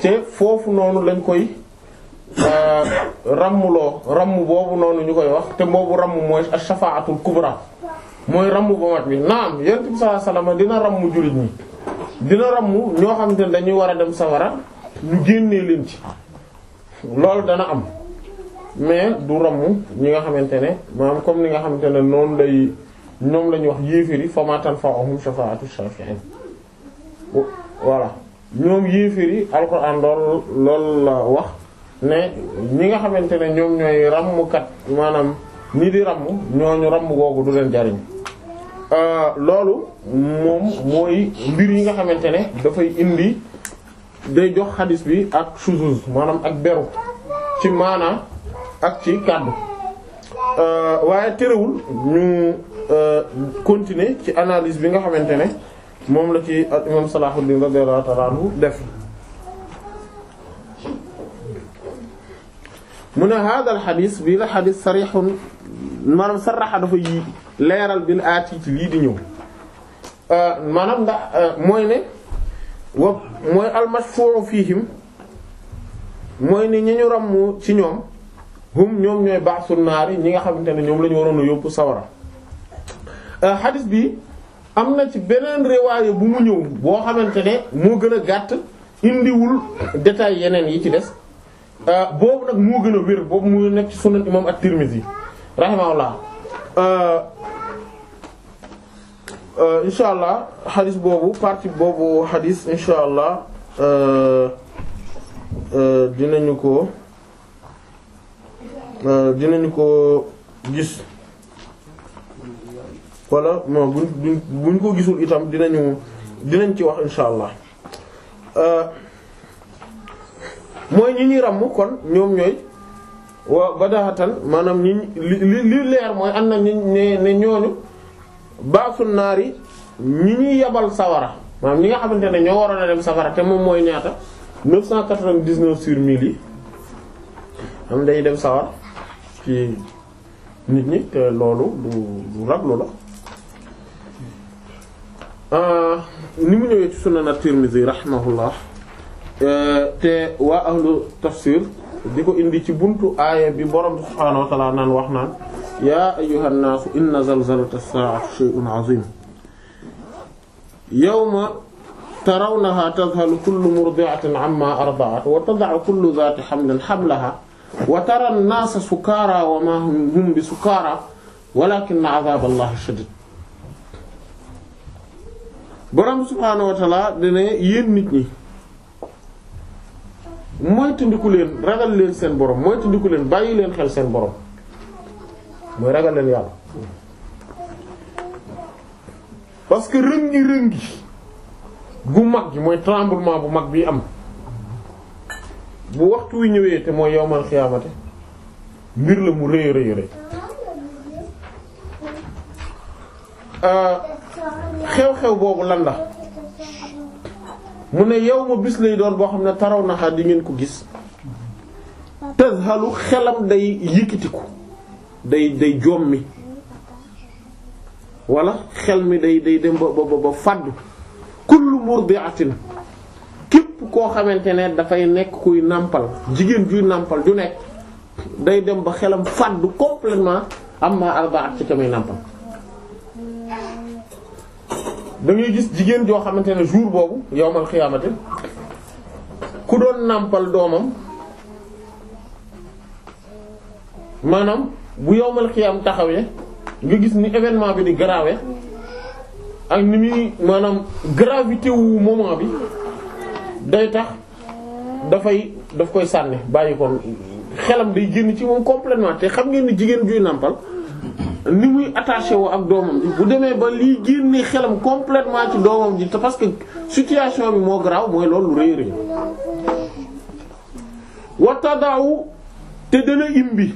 te foofu noonu lañ koy eh, ràmmloo ràmm boobu noonu ñu koy wax te boobu ràmm mooy ash-shafa'atul kubra mooy ràmm ba mat bi naam yonent bi sallallahu alayhi dina ràmm jullit ñi dina ràmm ñoo xam ne dañuy war a dem sawara ñu génnee leen ci loolu dana am mais du ramm ñi nga xamante ne maanaam comme ni nga xamante ne noonu lay ñoom lañu wax yéeféer yi famatan fa'ahum shafa'atu shafi'in voilà ñoom yéeféer yi alquran lool loolu la wax ne ñi nga xamante ne ñoom ñooy ràmmkat maanaam ñi di ràmm ñooñu ràmm googu du leen jariñ euh, loolu moom mooy mbir yi nga xamante ne dafay indi day jox xadis bi ak shuzuz maanaam ak beru ci maana ak ci kàddu euh, waaye terewul ñu euh, continuer ci analyse bi nga xamante ne moom la ci al imam Salahuddin radiyallahu ta'ala anhu def mu ne hadal xadis bii la xadis sarixun maanaam saraxa dafa yi leeral bil aati ci lii di ñëw euh, maanaam ndax mooy ne wa mooy almashfu'u fiihim mooy ni ñi ñu ràmm ci ñoom hum ñoom ñooy baasu naar yi ñi nga xamante ne ñoom lañu ñu waroon a yóbbu sawara xadis euh, bi am na ci beneen riwaaya bu mu ñëw boo xamante ne moo gën a gàtt indiwul détail yeneen yi ci des euh, boobu nag moo gën a wér boobu mu nekk ci ak imam yi tirmidhi rahimahullah euh, Euh, incha allah xadis boobu partie boobu xadis incha allah euh, euh, dinañu ko dinañu ko gis wala non buñ buñ ko gisul itam dinañu dinañ ci wax incha allah mooy ñi ñuy ràmm kon ñoom ñooy waaw ba daaxatan maanaam ñi li li leer mooy am na ñu ne ñooñu. baasu naar yi ñi ñuy yebal sawara maanaam ñi nga xamante ne ñoo waroon a dem sawara te moom mooy ñaata 999 sur 1000 yi am dañuy dem sawara ci nit ñi te loolu du du raglu la euh, ni mu ñëwee ci sunan at-Tirmidhi euh, te waa ahlu tafsir di ko indi ci buntu aaya bi borom subhaanahu wa ta'aala naan wax naan yaa ayyuhan naasu inna zalzalata as-saa'ati shay'un 'aziim yawma tarawnahaa tadhalu kullu murdi'atin 'ammaa arda'at wa tada'u kullu dhaati hamlin hamlahaa wa taraa an-naasa sukaaraa wa maa hum bisukaaraa walaakinna 'adhaaba Allaahi shadiid borom subhaanahu wa ta'aala dina yéen nit ñi moytandiku leen ragal leen seen borom moytandiku leen bàyyi leen xel seen borom mooy ragal leen yàlla parce que rëngi rëngi gu mag gi mooy tremblement bu mag bi am bu waxtu wi ñëwee te mooy yowmal xiyaamate mbir la mu rëy rëy rëy euh, xew-xew boobu lan la mu ne yow ma bis lay doon boo xam ne taraw naxaa di ngeen ko gis tazhalu xelam day yëkkitiku day day jommi wala xel mi day day dem ba ba ba fàddu kullu murdi'atin képp koo xamante ne dafay nekk kuy nàmpal jigéen juy nàmpal ju nekk day dem ba xelam fàddu complètement amma arba'at ci tamit nàmpal da gis jigéen joo xamante ne jour boobu yawmal xiyaamati ku doon nàmpal doomam maanaam bu yawmal xiyaam taxawee nga gis ni événement bi di garaawe ak ni muy maanaam gravité wu moment bi day tax dafay daf koy sànni bàyyi ko xelam day génn ci moom complètement te xam ngeen ni jigéen juy nàmpal ni muy attaché woo ak doomam ji bu demee ba lii génne xelam complètement ci doomam ji te parce que situation bi moo garaaw mooy loolu rëy rëy watadaaw te dana imbi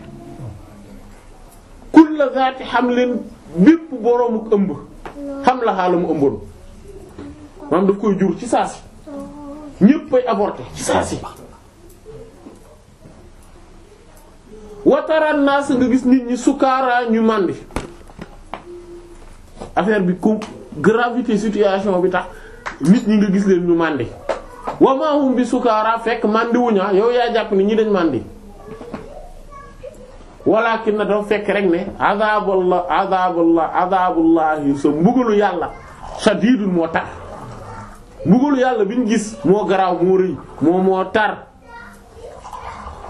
kulla zaati hamlin bépp boroomu ëmb xam la xaalamu ëmboon maanaam daf koy jur ci saa si ñépp ay ci saa si wataraan naas nga gis nit ñi sukaara ñu màndi affaire bi ku gravité situation bi tax nit ñi nga gis leen ñu màndi wamaahum bi sukaara fekk màndi wuña ah, yow yaa jàpp ni ñi dañ màndi walakin na dafa fekk rek ne adabullah adabullah adabullahi sa mbugalu yàlla shadidul moo tar mbugalu yàlla bi ñu gis moo garaaw moo rëy moo moo tar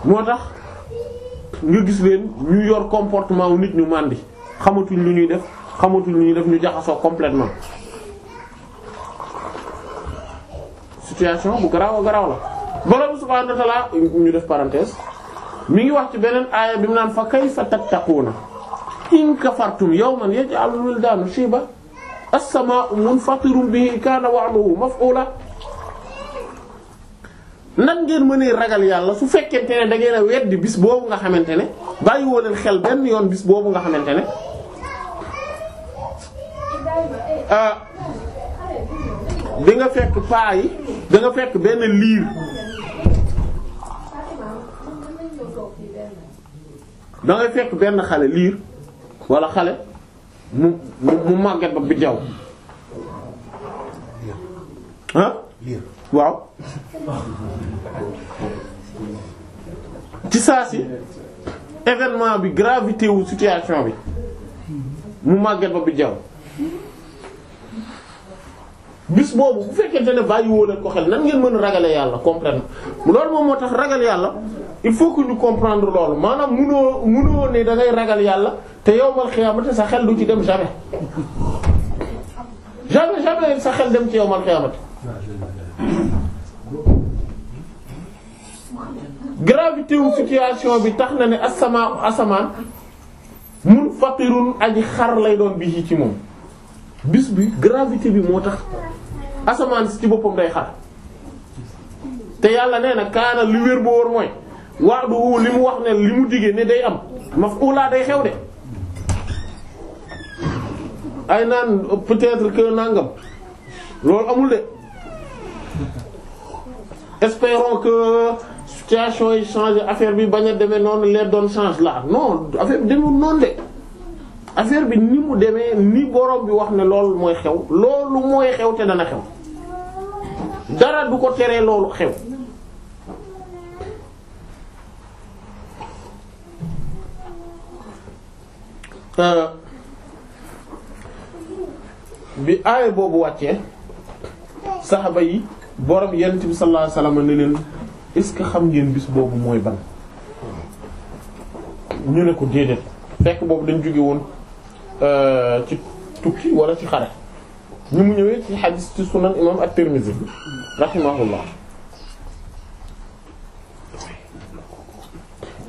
moo nga gis leen ñu yor comportement wu nit ñu màndi xamatuñ lu ñuy def xamatuñ lu ñuy def ñu jaxasoo complètement situation bu garaaw a garaaw la borom subhaanahu wa ta'aala ñu def parenthèse mu ngi wax ci beneen aaya bi mu naan fa kayfa tattaquuna in kafartum yawman yaj'alul wildaanu shiiba as-samaa'u munfatirun bihi kaana wa'duhu maf'uula nan ngeen mënee ragal yàlla su fekkente ne da ngeen a bis boobu nga xamante ne bàyyiwoo leen xel benn yoon bis boobu nga xamante ne ah, di fekk paa yi da fekk benn liir da nga fekk benn xale liir walla xale mu mu màgget ba bi jaw ah waaw ci saa si événement bi gravité wu situation bi mu màgget ba bi jaww bis boobu bu fekkee te ne woo leen ko xel nan ngeen mën a ragale yàlla comprendre loolu moom moo tax ragal yàlla il faut que ñu comprendre loolu maanaam munoo munoo ne da ngay ragal yàlla te yowmal xiyaamati sa xel du ci dem jamais jamais jamais sa xel dem ci yowmal xiyaamati gravité wu situation bi tax na ne asamaa asamaan mun faqirun aji xar lay doon bi ci moom bis bi gravité bi moo tax asamaan si ci boppam day xar te yàlla nee na kaana li wér boo war mooy wa'duhu li mu wax ne li mu digee ne day am laa day xew de ay naan peut-être que nangam loolu amul de espérons que situation yi changé affaire bi bañ a demee noonu les doon change là non affaire bi demul noonu de affaire bi ni mu demee ni borom bi wax ne loolu mooy xew loolu mooy xew te dana xew dara du ko teree loolu xew euh, bi aay boobu wàccee saxaba yi borom yonent bi sallallahu alayhi wasallam ne leen est xam ngeen bis boobu mooy ban ñu ne ko déedéet fekk boobu dañ jóge woon euh, ci tukki wala ci xare ñu mu ñëwee ci xadis ci sunan imam at-Tirmidhi rahimahullah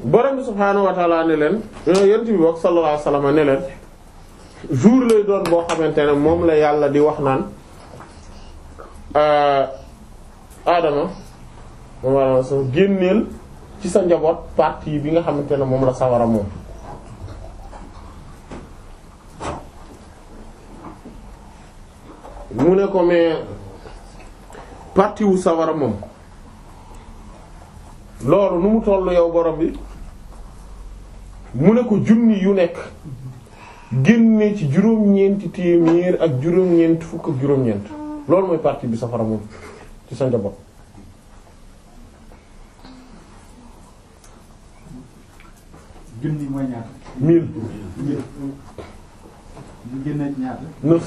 borom bi subhaanahu wa leen euh, yonent bi bokk sallallahu alayhi boo xamante ne moom la yàlla di wax naan euh, aadama moom aadama sax génneel ci sa njaboot parti bi nga xamante ne moom la sawara moom mu ne ko mais partie sawara moom loolu nu mu toll yow borom bi mu ne ko junni yu nekk génne ci juróom-ñeenti téeméer ak juróom-ñeent fukk ak juróom-ñeent loolu mooy parti bi safara moom ci sa njaboot junni mooy ñaata mille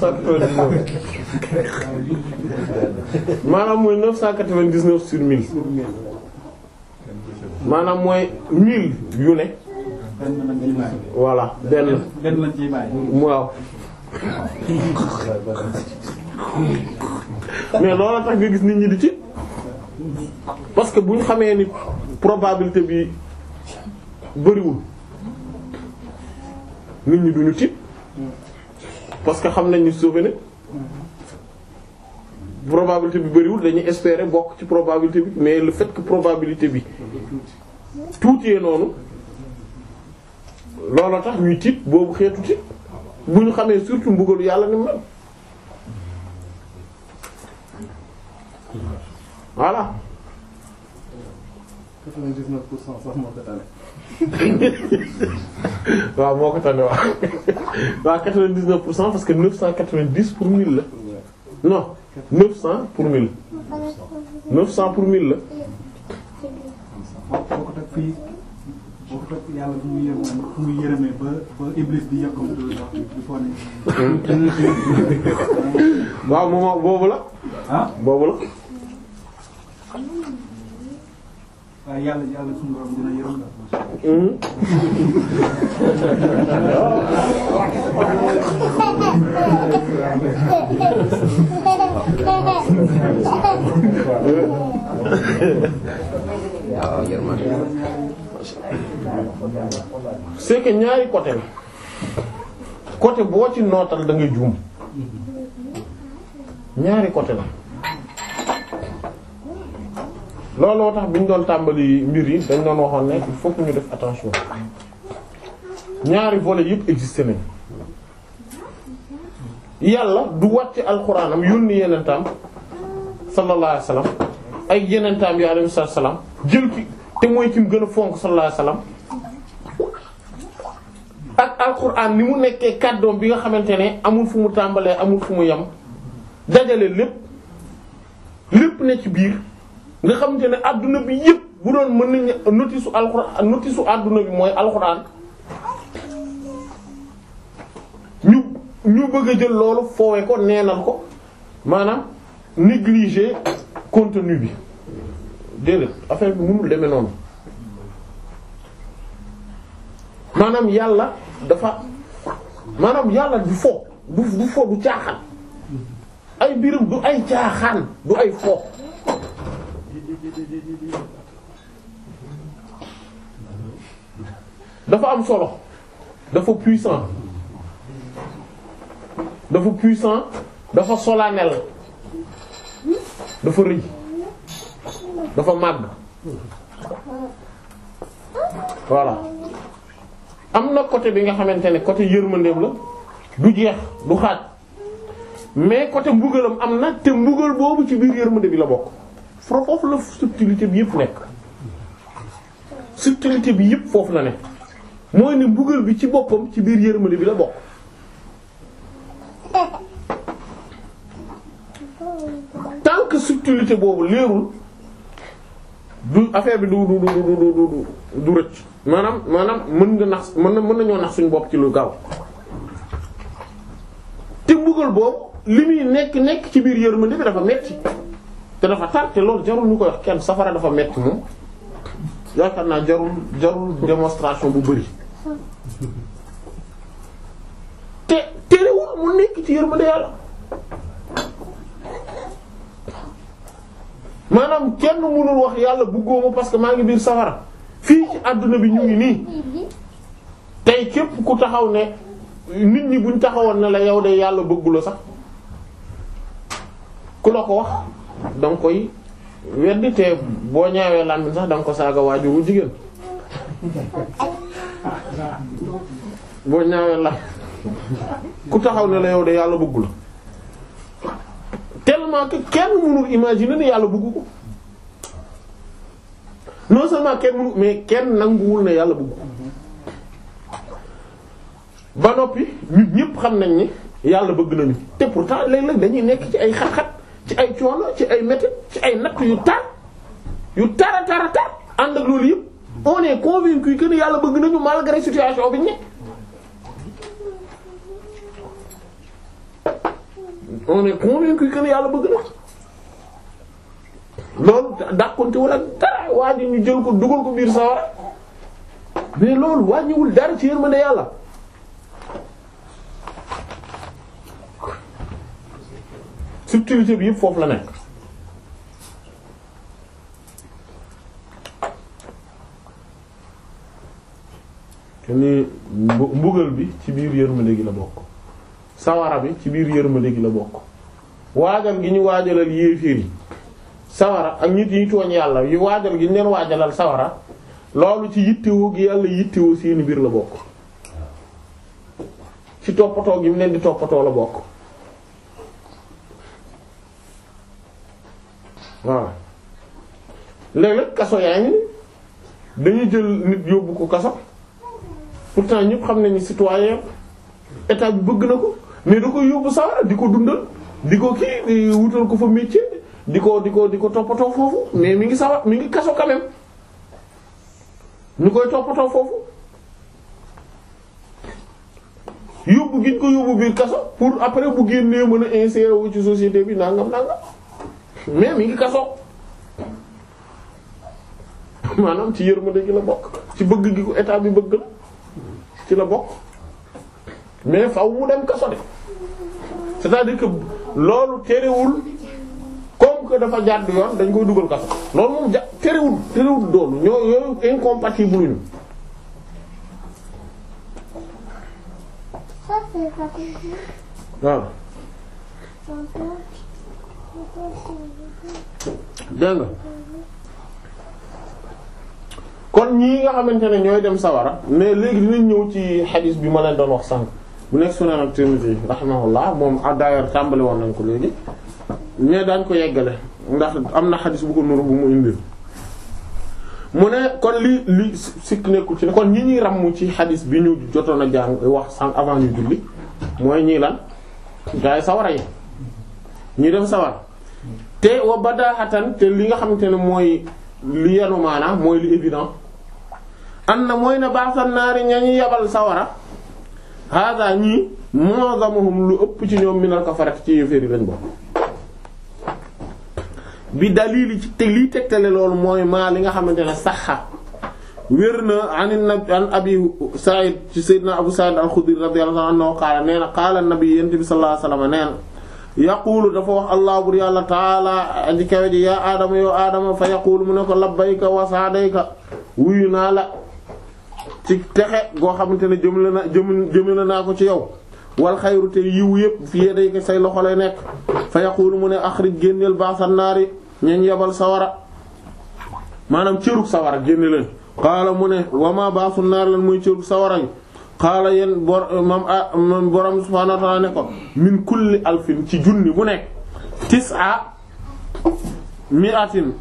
neuf cent quatre vingt neuf maanaam mooy neuf cent quatre yu ne voilà benn benn mais loolu tax nga gis nit ñi di ci parce que bu ñu xamee ni probabilité bi bëriwul nit ñi duñu tiit parce que xam nañ ni souvenir probabilité bi bariwul dañuy espérer bokk ci probabilité bi mais le fait que probabilité bi tuuti noonu loolu tax ñuy tiit boobu xeetu tiit bu ñu xamee surtout mbugalu yàlla ni mel voilà. 99 pour cent sax moo ko tane. waaw moo ko tane waaw waaw pour cent parce que 990 pour 1000 la. non pour 1000. la. waaw boo ko teg fii boo ko teg yàlla bu ba ba iblis hmm. boobu la. Ah? boobu la. waaye yàlla yàlla suñu borom ñaari côté la côté boo ci nootal da ngay ñaari côté la looloo tax bi ñu doon tàmbali mbir yi dañ doon waxoon ne il faut ñu def attention ñaari volets yëpp existé nañ yàlla du wàcc alxuraanam yónni yenentaam sallallahu alayhi wasallam ay yenentaam yi alayhi salaam jël ki te mooy ci mu gën a fonk sallallahu salaam wasallam ak alxuraan ni mu nekkee kàddoom bi nga xamante ne amul fu mu tàmbalee amul fu mu yem dajale lépp lépp ne ci biir nga xam ne àdduna bi yëpp bu doon mën nañu notice su alxuraan notice su adduna bi mooy alxuraan ñu ñu bëgg a jël loolu foowe ko neenal ko maanaam négliger contenu bi déedéet affaire bi mënul demee noonu maanaam yàlla dafa maanaam yàlla du fo du du du caaxaan ay birum du ay caaxaan du ay fo. dafa am solo dafa puissant dafa puissant dafa solennel dafa rëy dafa màgg voilà am na côté bi nga xamante ne côté yërmandeem la du jeex du xaaj mais côté mbugalam am na te mbugal boobu ci biir yërmande bi la bokk foofu la subtilité bi yëpp nekk subtilité bi yëpp foofu la ne mooy ne mbugal bi ci boppam ci biir yërmande bi la bokk tant que subtilité boobu leerul du affaire bi du du du du du du rëcc maanaam maanaam mën nga nax mën na mën nañoo nax suñu bopp ci lu gaaw te mbugal boobu li muy nekk nekk ci biir yërmande bi dafa metti te dafa tar te loolu jarul ñu koy wax kenn safara dafa metti moom yaakaar naa jarul jarul démonstration bu bari te terewul mu nekk ci yërmande yàlla maanaam kenn mënul wax yàlla bëggoo ma parce que maa ngi biir safara fii ci àdduna bi ñu ngi nii tey képp ku taxaw ne nit ñi buñ taxawoon ne la yow de yàlla bëggula sax ku la ko wax da nga koy weddi boo ñaawee làmmiñ sax da nga ko saaga waajur wu jigéen boo ñaawee la ku taxaw ne la yow de yàlla bëggu la tellement que kenn mënul imaginer ne yàlla bëggu ko non seulement kenn mënul mais kenn nanguwul ne yàlla bëggu ko ba noppi nit ñëpp xam nañ ni yàlla bëgg nañu te pourtant léeg-léeg dañuy nekk ci ay xat-xat ci ay la ci ay métti ci ay natt yu tar yu tara tara tar ànd ak loolu yëpp on est convaincu que yàlla bëgg nañu malgré situation bi ñu nekk on est convaincu que yàlla bëgg na loolu dàqonte wala dara waa ji ñu jël ko dugal ko biir sawara mais loolu wàññiwul dara ci yërmande yàlla subtilité bi yëpp foofu la nekk te ni mbugal bi ci biir yërmande léegi la bokk sawara bi ci biir yërmande léegi la bokk waajal gi ñu waajalal yéeféer sawara ak nit yi tooñ yàlla yu waajal gi ñu leen waajalal sawara loolu ci yittewoo gi yàlla yittewoo seeni biir la bokk ci toppatoo gi mu leen di toppatoo la bokk waaw léeg-léeg kaso yaa ngi dañuy jël nit yóbbu ko kaso pourtant ñëpp xam nañu citoyen état bi bëgg na ko mais da koy yóbbu sawara di ko dundal di ko kii wutal ko fa métier di ko di ko di ko toppatoo foofu mais mi ngi sawar mi ngi kaso quand même ñu koy toppatoo foofu yóbbu gi ñu ko yóbbu biir kaso pour après bu génnee mën a insérer wu ci société bi nangam nangam. mais mi ngi kaso maanaam ci yërmande gi la bokk ci bëgg gi ko état bi bëgg la ci la bokk mais faw mu dem kaso de c'est-à-dire loolu terewul comme que dafa jàdd yoon dañ koy dugal kaso loolu moom ja terewul terewul doolu ñoo yooyu incompatible waaw dégg nga kon ñii nga xamante ne ñooy dem sawara mais léegi dinañ ñëw ci xadis bi ma leen doon wax sànq bu nekk su Sunan at-Tirmidhi laa moom d'ailleurs tàmbali woon nañ ko léegi mais daañ ko yeggale ndax am na xadis bu ko nuru bu mu indil mu ne kon li li sikk nekkul ci ne kon ñi ñuy ràmm ci xadis bi ñu jotoon a jàng wax sànq avant ñu julli mooy ñii lan gaa yi sawara yi ñii dem sawara te wa badaaxatan te li nga xamante ne mooy li yanu mooy li évident an na mooy na baaxsan naari ñañu yabal sawara hada ñii mu'azzamuhum lu ëpp ci ñoom minal kafarat ci yéeféeri lañ bokk bi dalili ci te lii tegtale loolu mooy maa li nga xamante ne saxa wér na an an abi Sa'id ci sayyidina Abu Sa'id al-Khudri radiyallahu anhu qaala nee na qaala nabi yent bi sallallahu alayhi wasallam yaquulu dafa wax allah yàlla taala aji kawe ji yaa aadama yow aadama fa yaquulu mu ne ko labbayka wa saadayka wuyu naa la ci texe goo xamante ne jëmale na jëm jëmale naa ko ci yow wal xayru te yiw yëpp fi yedayka say loxo lay nekk fa yaquulu mu ne axrij génneel baasan naari ñeñ yebal sawara maanaam cërug sawara génne leen qaala mu ne wa ma naar lan muy cërug sawara yi xaala yéen bor ah, moom borom subhaanahu wa ta'aala ne ko min kulli alfin ci junni bu nekk tis'a atin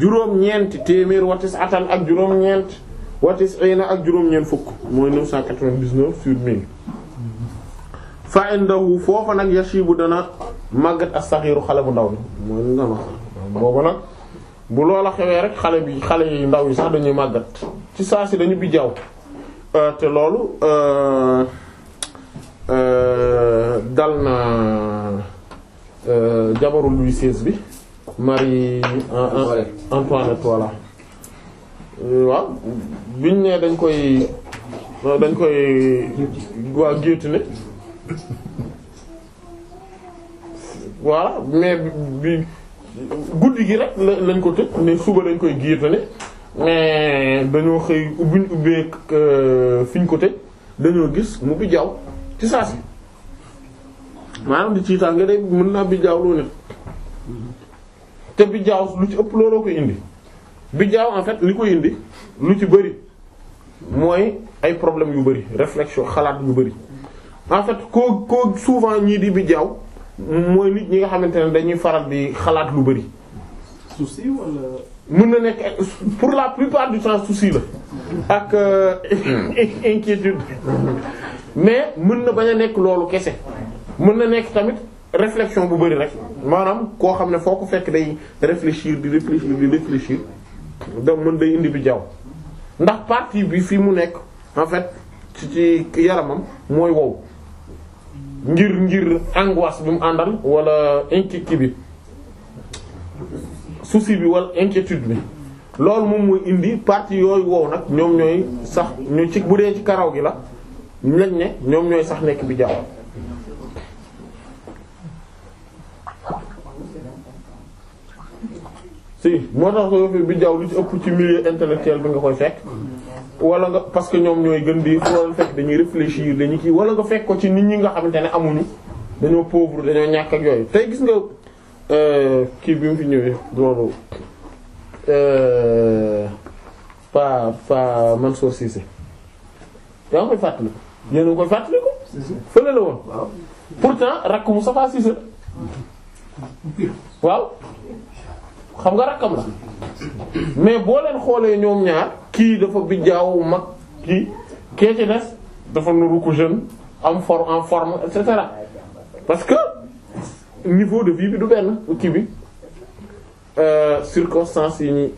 juróom-ñeent téeméer wa tis'atan ak juróom-ñeent wa tis'iina ak juróom-ñeent fukk mooy 999 sur 1000. fa indahu foofa nag yashibu dana màggat as-saxiiru xale bu ndaw bi mooy li boobu nag bu loola xewee rek xale bi xale yi ndaw yi sax dañuy màggat ci saa si dañu bijaaw Euh, te loolu euh, euh, dal na jabaru Louis XVI bi Marie Antoinette voilà waaw biñ ne dañ koy dañ koy waa guillotine voilà mais bi guddi gi rek lañ ko tëj ne suba dañ koy guillotine mais dañoo xëy ubbiñ ubbee fi euh, fiñ ko tëj dañoo gis mu bi jaaw ci saa si maanaam di ci tànge day mën naa bi jaaw loo te bi jaaw lu ci ëpp looloo koy indi bi jaaw en fait li koy indi lu ci bëri mooy ay problèmes yu bëri réflexion xalaat yu bëri en fait koo koo souvent ñii di bi jaaw mooy nit ñi nga xamante ne dañuy faral di xalaat lu bëri. mën na nekk pour la plupart du temps souci la ak euh, inquiétude mais mën na bañ a nekk loolu kese mën na nekk tamit réflexion bu bari rek maanaam koo xam ne foo ko fekk day réfléchir di réfléchir di réfléchir da mën day indi bi jaww ndax partie bi fi mu nekk en fait ci yaramam mooy wow ngir ngir angoisse bi mu àndal wala inquiétude bi souci bi wala inquiétude bi loolu moom mooy indi partie yooyu wow nag ñoom ñooy sax ñu ci bu dee ci karaw gi la lañ ne ñoom ñooy sax nekk bi jaaw si moo tax ko yofi bi jaaw lu ci ëpp ci milieu intellectuel bi nga koy fekk wala nga parce que ñoom ñooy gën di foofu fekk dañuy réfléchir dañuy kii wala nga fekk ko ci nit ñi nga xamante ne amuñu dañoo pauvre dañoo ñàkk ak yooyu tey gis nga Euh, kii bi mu fi ñëwee loolu euh, pa pa Mansour Cissé yaa ngi koy fàttali ko yéen a ngi koy fàttali ko fële la woon pourtant rakk Moustapha Cissé waaw xam nga rakkam la mais boo leen xoolee ñoom ñaar kii dafa bijjaaw mag kii kee ci des dafa nuru ko jeune am forme en forme et parce que niveau de vie bi du benn kii bi euh, circonstances yi ñuy.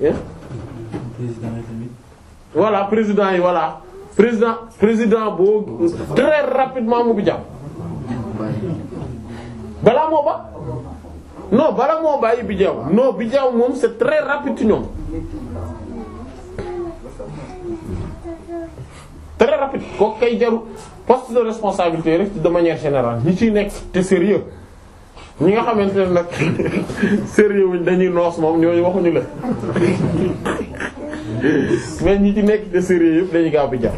voilà président yi voilà président président boo très rapidement mu bi jàpp balaa moo ba non balaa moo bàyyi bi jaww non bi jaww moom c'est très rapide ci ñoom très rapide kooku kay jaru poste de responsabilité rek de manière général ñi ciy nekk te sérieux ñi nga xamante ne nag sérieux wuñ dañuy noos moom ñooñu waxuñu la mais ñu ci nekk te sérieux yëpp dañuy gaaw bi jàpp.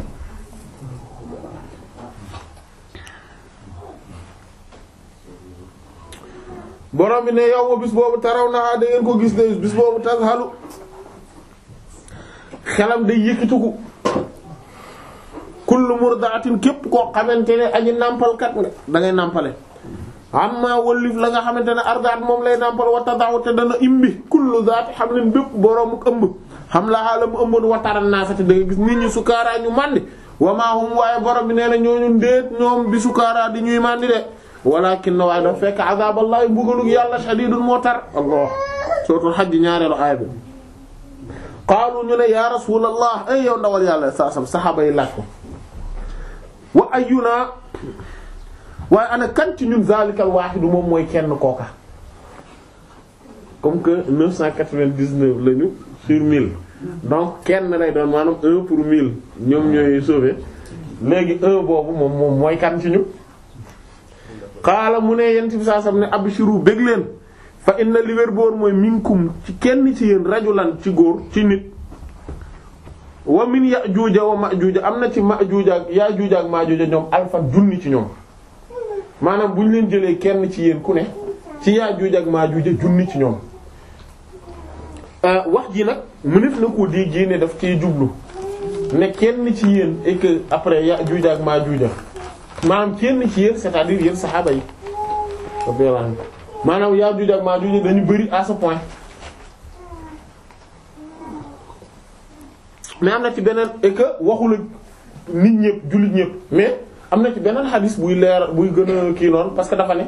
borom bi ne yow ma bis boobu taraw naa da ngeen ko gis ne bis boobu tas xalu xelam day yëkkituku kullu murdaatin képp ko xamante ne añu nàmpalkat nga da nàmpale. amma wallif la nga xamante ne ardaat moom lay nàmpal wa tadaaw te dana imbi kullu zaati hamlin bépp boroomu ëmb xam la xaala mu ëmboon wataran naasa te da nga gis nit ñi sukaaraa ñu màndi wa maa hum waaye borom bi nee na ñooñu ndéet ñoom bi sukaaraa di ñuy màndi de walakin na waaye dafa fekk azaballaahi mbugalug yàlla shadiidun moo tar allah sootul xaj ñaareelu aaya bi qaalu ñu ne yaa rasuulallah ay yow ndawal yàlla saasam saxaaba yi waaye ana kan ci ñun zaalikal waaxidu moom mooy kenn kooka comme que 999 lañu sur 1000 donc kenn lay doon maanaam 1 pour 1000 ñoom ñooy sauvé léegi 1 boobu moom moom mooy kan ci ñu xaala mu ne yéen ci bisaasam ne abshiru bég leen fa inna li wér boor mooy minkum ci kenn ci yéen rajulan ci góor ci nit wa min ya'juja wa ma'juja am na ci ma'juja ak ya'juja ak ma'juja ñoom alfa junni ci ñoom. maanaam bu ñu leen jëlee kenn ci yéen ku ne ci Yaajuuj ak Maajuuj junni ci ñoom euh, wax ji nag mënef na ko di génne daf ciy jublu ne kenn ci yéen et que après Yaajuuj ak Maajuuj maanaam kenn ci yéen c'est-à-dire yéen saxaaba yi maanaam Yaajuuj ak Maajuuj dañu bëri à ce point mais am na ci beneen et que waxula nit ñëpp jullit ñëpp mais am na ci beneen xadis buy leer buy gën a kii noonu parce que dafa ne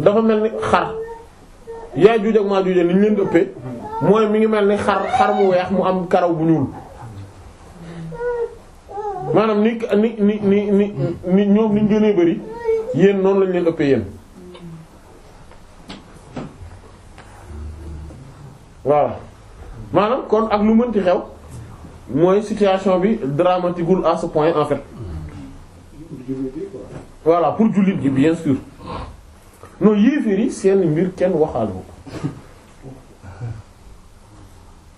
dafa mel ni xar yaa juuj ak maa juuj ni ñu leen di ëppee mooy mi ngi mel ni xar xar mu weex mu am karaw bu ñuul maanaam ni ni ni ni ni ñoom ni ñu gënee bari yéen noonu lañ leen ëppee yéen waaw maanaam kon ak lu mënti xew mooy situation bi dramatique à ce point en fait. voilà pour jullit ji bien sûr non yéeféer yi seen mbir kenn waxaale ko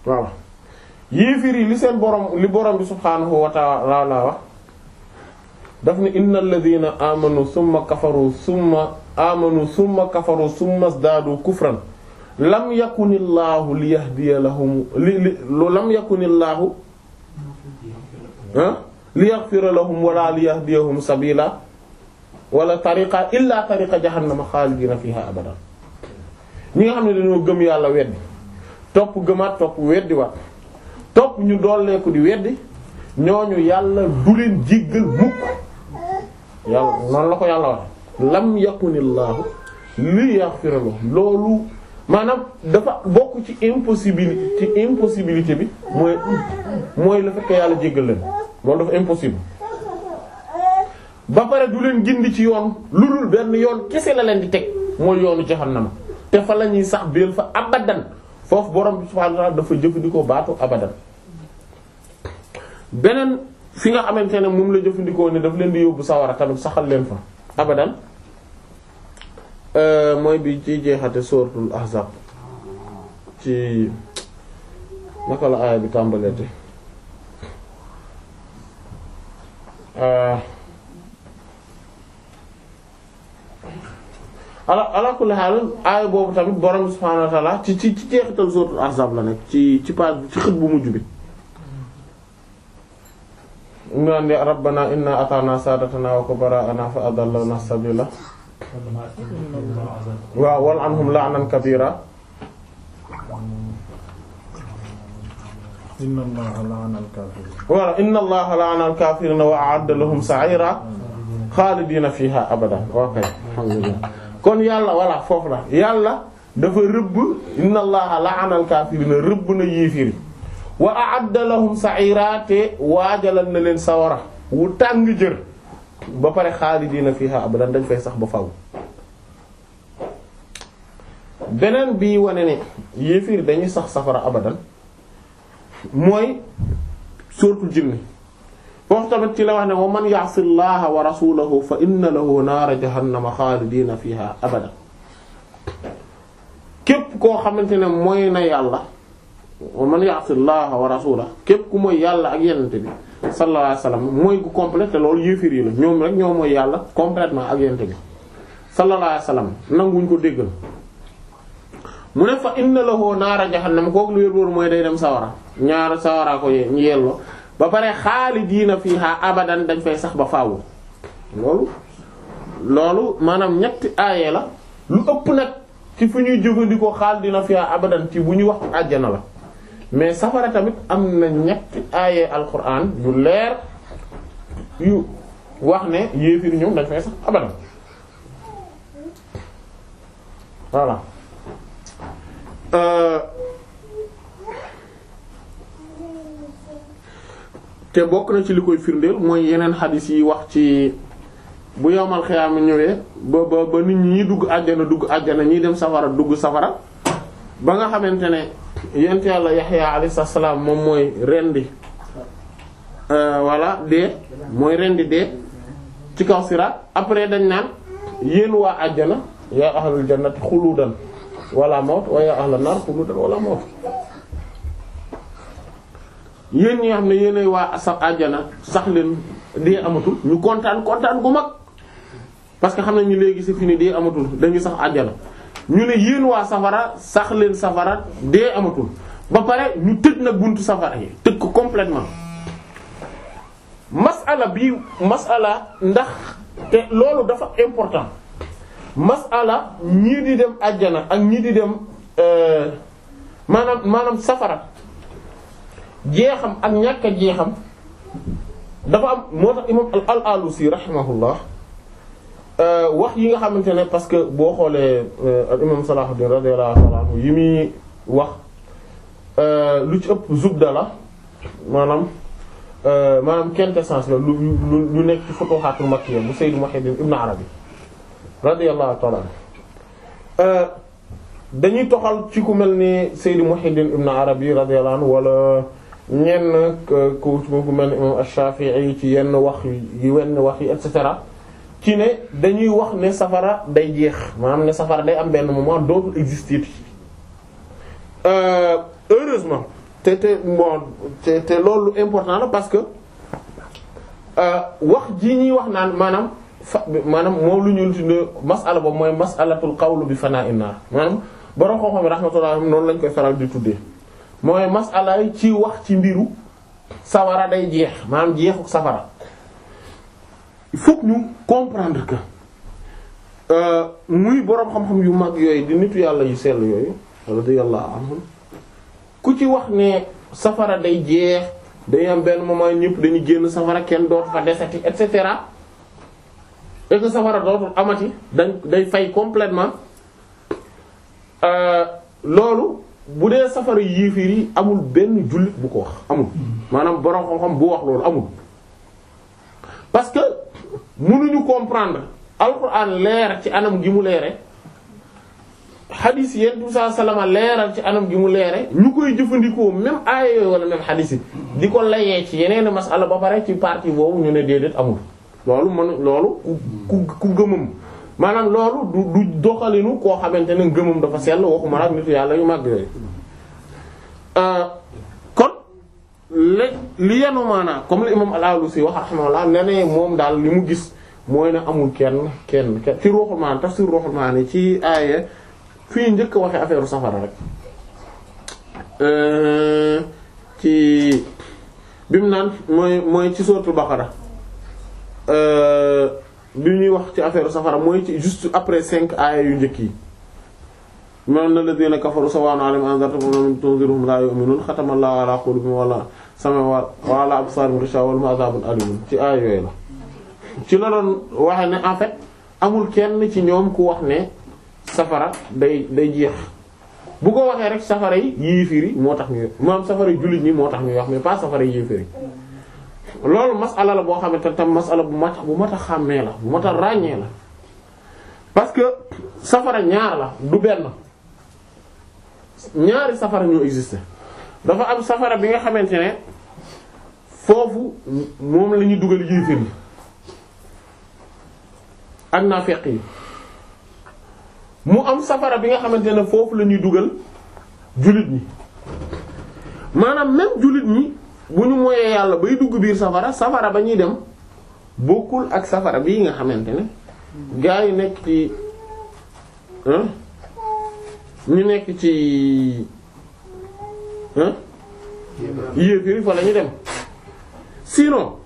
voilà yéeféer yi li seen borom li borom bi subhaanahu wa ta'ala wax daf ne innal ladhina amanu summa kafaru summa amanu summa kafaru summa zdadu kufran lam yakunillaahu liyahdiya lahum li lam yakunillaahu ah li yaghfira lahum wala li yahdiyahum sabila wala tariqa illa tariqa jahannama xaalidina fiha abada ñi nga xam ne dañoo gëm yàlla weddi topp gëmaat topp weddi waat topp ñu dooleeku di weddi ñooñu yàlla du leen jéggal mukk yàlla noonu la ko yàlla wax lam yakunillaahu li yaghfira lahum loolu maanaam dafa bokk ci impossibilité ci bi mooy mooy la fekk yàlla jéggal leen loolu dafa impossible ba pare du leen gindi ci yoon lu dul benn yoon kese la leen di teg mooy yoonu jahannama te fa la ñuy sax biir fa abadan foofu borom bi subhaanahu dafa jëfandikoo baatu abadan beneen fi nga xamante ne moom la jëfandikoo ne daf leen di yóbbu sawara tamit saxal leen fa abadan euh, mooy bi ci jeexate suratul ahzab ci naka Euh, ala ala kulli boobu tamit borom subhaanahu wa ta'aala ci ci ci jeexital suuratul ahzaab la nekk ci ci page bi ci xët bu mujj bi. ñu naan rabbana inna ataana saadatana wa kubara'ana fa adallana sabila waaw wal anhum la'nan kabira inna allaha la'ana al-kaafiriin voilà inna allaha la'ana al-kaafiriin wa xaalidiina fiha abada ok alhamdulillah kon yàlla voilà foofu la yàlla dafa rëbb inna allaha la'ana al-kaafiriin rëbb na yéefiri wa a'adda lahum sa'ira te waajalal na leen sawara wu tàng jër ba pare xaalidiina fiha abada dañ fay sax ba faw beneen bii wone ne yéefiri dañuy sax safara abadan mooy sóortul jinne foofu tamit ci la wax ne wa man ya'si llaha wa rasulahu fa inna lahu naara jahannama xaalidina fiha abada képp koo xamante ne mooy na yàlla wa man ya'si llaha wa rasulahu képp ku mooy yàlla ak yenente bi sallallahu alayhi wasallam mooy gu complet te loolu yéefir yi la ñoom rek ñoo mooy yàlla complètement ak yenente bi sallallahu alayhi wasallam nanguñ ko déggal mu ne fa inna lahu naara jahannama kooku lu yór mooy day dem sawara ñaar sawara ko yelloo ba pare xaalidiina fiihaa abadan dañ fay sax ba faawu loolu loolu maanaam ñetti aaye la lu ëpp nag ci fu ñuy jëfandikoo xaalidiina fiihaa abadan ci bu ñuy wax àjjana la mais safara tamit am na ñetti aaye alquran yu leer yu wax ne yéefir ñoom dañ fay sax abadan voilà. Euh, te bokk na ci li koy firndeel mooy yeneen xadis yi wax ci bu yowmal xiyaama ñëwee ba ba ba nit ñi dugg àjjana dugg àjjana ñiy dem safara dugg safara ba nga xamante ne yent yàlla Yaxya alayhi salaam moom mooy rendi euh, voilà dee mooy rendi dee ci kaw siraat après dañ naan yéen waa àjjana yaa ahlul jannati xuluudan wala mawt wa yaa naar xuluudan wala mawt yéen ñi nga xam ne yéenay waa sax àjjana sax leen dee amatul ñu kontaan kontaan gu mag parce que xam nañ ñu léegi c'est fini dee amatul dañu sax àjjana ñu ne yéen waa safara sax leen safara dee amatul ba pare ñu tëj na buntu safara yi tëj ko complètement masala bi masala ndax te loolu dafa important masala ñii di dem àjjana ak ñii di dem euh, maanaam maanaam safara jeexam ak ñàkk a jeexam dafa am moo tax imam al alusi rahimahullah euh, wax yi nga xamante ne parce que boo xoolee euh, al imam Salahuddin radiyallahu ta'ala anhu yi muy wax euh, lu ci ëpp zubda la maanaam maanaam quintessence la lu lu nekk ci futuhatul makkiyya bu Sayyid Muhyiddin Ibn Arabi radiyallahu ta'ala anhu dañuy toxal ci ku mel ni Sayyid Muhyiddin Ibn Arabi radiyallahu anhu wala ñenn ku ku mel ni imam Ash-Shafi'i ci yenn wax yi wenn wax yi et cetera ci ne dañuy wax ne safara day jeex maanaam ne safara day am benn moment dootul exister euh, heureusement te te bon te loolu important la parce que euh, wax ji ñuy wax naan maanaam fa maanaam moom lu ñu tuddee mas'ala boobu mooy mas'alatul qawlu bi fana'in naar maanaam borom xam-xam rahmatullah noonu lañ koy faral di tuddee. mooy masala ci wax ci mbiru sawara day jeex maanaam jeexu safara il faut ñu comprendre que euh, muy boroom xam-xam yu mag yooyu di nitu yàlla yu sell yooyu radiyallahu anhum ku ci wax ne safara day jeex day am benn moment ñëpp dañuy génn safara kenn dootu fa et cetera et safara dootul amati dañ day fay complètement euh, loolu bu dee safara yéeféer yi amul benn jullit bu ko wax amul maanaam borom xam-xam bu wax loolu amul parce que mënuñu comprendre alxuraan leer ci anam gi mu leere xadis yenn tout ça salama leeral ci anam gi mu leere ñu koy jëfandikoo même aaya yooyu wala même xadis yi di ko layee ci yeneen masala ba pare ci partie boobu ñu ne déedéet amul loolu man loolu ku ku ku gëmam maanaam loolu du du doxalinu koo xamante ne ngëmam dafa sell waxuma ak nitu yàlla yu màgg yooyu euh, kon li yenu maanaa comme le imam al-Alusi wax rahimahullah ne ne moom daal li mu gis mooy na amul kenn kenn kenn ci ruuxul maanaam tafsir ruuxul maanaam ci aaye fii njëkk waxe affaire safara rek euh, ci bi mu naan mooy mooy ci suratul Baqara euh, bi ñuy wax ci affaire safara mooy ci après cinq aaya yu njëkk yi man na ladina kafaru sawaa'un alayhim anzartahum am tunzirhum laa yu'minuun xatama Allaahu alaa quluubihim wala sama wa alaa absaarihim ghishaawa lahum azaabun aliim ci aaya yooyu la ci la doon waxe ne en fait amul kenn ci ñoom ku wax ne safara day day jeex bu ko waxee rek safara yi yéefiri moo tax ñu maanaam safara jullit ñi moo tax ñuy wax mais pas safara yi loolu masala la boo xamante ne tam masala bu mat bu mat a xàmmee la bu mat a ràññee la parce que safara ñaar la du benn ñaari safara ñoo existe dafa am safara bi nga xamante ne foofu moom la ñuy dugal yéeféer yi ak naafeq yi mu am safara bi nga xamante ne foofu la ñuy dugal jullit ñi maanaam même jullit ñi bu ñu moyee yàlla bay dugg biir safara safara ba ñuy dem bokkul ak safara bii nga xamante ne gaa yi nekk ci ñu nekk ci yéefiri fa la dem sinon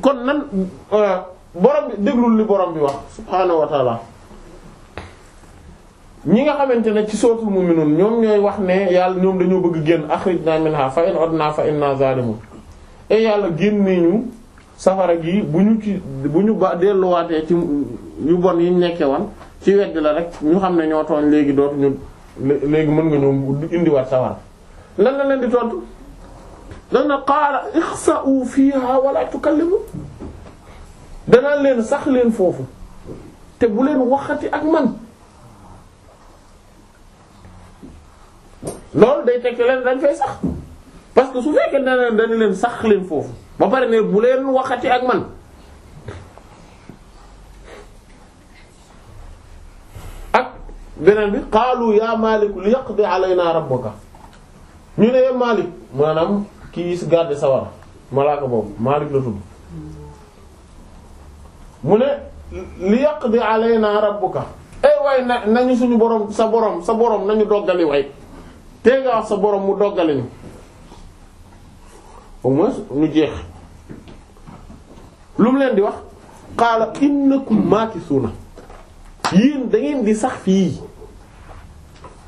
kon nan euh, borom bi déglul li borom bi wax subhaanahu wa ñi nga xamante ne ci sootul mu'minun ñoom ñooy wax ne yàlla ñoom dañoo bëgg génn akhrijna minha fa in udna fa inna zalimun et yàlla génnee ñu safara gi bu ñu ci bu ñu ba delluwaatee ci yu bon yi nekkee woon ci wedd la rek ñu xam ne ñoo tooñ léegi ñu léegi mën nga ñoom indiwaat safara lan la leen di tontu dana qaala ixsa'u fiha wala tukallimu danaa leen sax leen foofu te bu leen waxati ak man loolu day teg leen dañ fay sax parce que su fekkee leen dañu leen sax leen foofu ba pare ne bu leen waxati ak man ak beneen bi qaalu yaa Maalik li yaqdi alaynaa rabbuka ñu ne yaa Maalik maanaam kii si garde sawar malaaka boobu Maalik la tudd mu ne li yaqdi alaynaa rabbuka ay eh waay na nañu suñu borom sa borom sa borom nañu doggali way tee nga wax sa borom mu doggale ñu au moins ñu jeex lu mu leen di wax qaala innakum maakisuuna yéen da ngeen di sax fii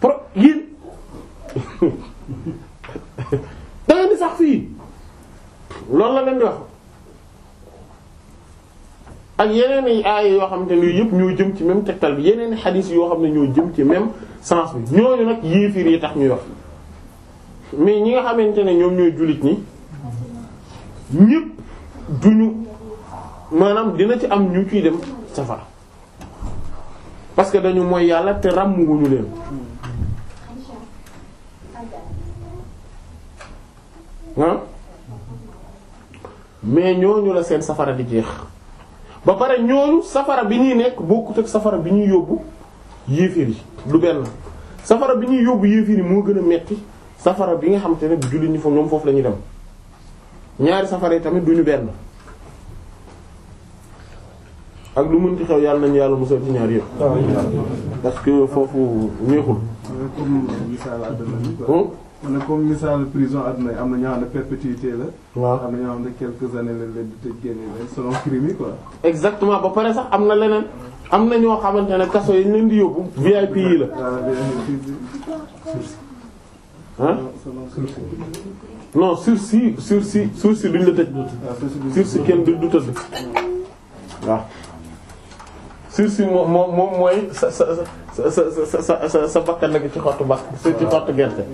pro yéen da di sax fii loolu la leen di wax ak yeneen i aay yoo xamante ne yëpp ñoo jëm ci même tegtal bi yeneen i xadiis yoo xam ne ñoo jëm ci même sens bi ñooñu nag yéefir yi tax ñuy wax mais ñi nga xamante ne ñoom ñooy jullit ñi ñëpp duñu maanaam dina ci am ñu ciy dem safara parce que dañu mooy yàlla te ràmmuwuñu leen. ah mais ñooñu la seen safara di jeex. ba pare ñooñu safara bi ñuy nekk bokkut ak safara bi ñuy yóbbu yéeféer yi lu benn safara bi ñuy yóbbu yéeféer moo gën a metti safara bi nga xam te ne bu jullit ñi foofu ñoom foofu lañuy dem ñaari safara yi tamit du ñu benn ak lu mën ci xew yàlla nañu yàlla musal ci ñaar yëpp parce que foofu neexul mu ne comme misaal prison àdduna yi am na ñoo xam ne perpétuité la. waaw am na ñoo xam ne quelques leen di tëj génne leen selon crime yi quoi. exactement ba pare sax am na leneen am na ñoo xamante ne kaso yi ñu leen di yóbbu. VIP yi la. ah non sursis sursis sursis duñ la tëj. Ah, sursis kenn du tëdd ah. waaw. suuf si moom moom mooy sa sa sa sa sa bakkan nag ci xottu bak ci xottu gerte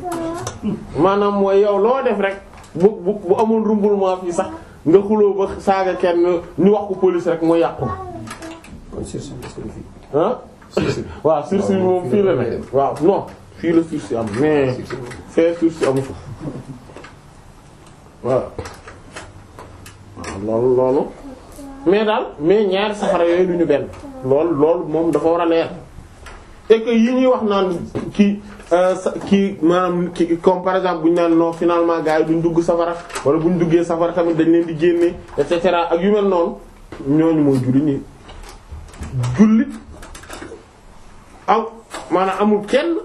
maanaam mooy yow loo def rek bu bu bu amul rumblement fii sax nga xuloo ba saaga kenn ñu wax ko police rek mooy yàqu kon sursis ah waaw sursis bi moom fii la ne waaw non fii la sursis am mais fee sursis amu fa waaw waaw ah, loolu loolu mais daal mais ñaari safara yooyu du ñu benn lool lool moom dafa war a leer et yi ñuy wax naan kii euh, kii maanaam ki comme par exemple bu ñu naan non finalement gars yi duñ dugg safara wala bu ñu duggee safara tamit dañ leen di génne et cetera ak yu mel noonu ñooñu mooy julli ñi jullit aw maanaam amul kenn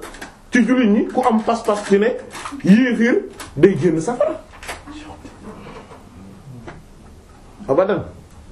ci jullit ñi ku am pas-pas ci ne yéefiir day génn safara abadan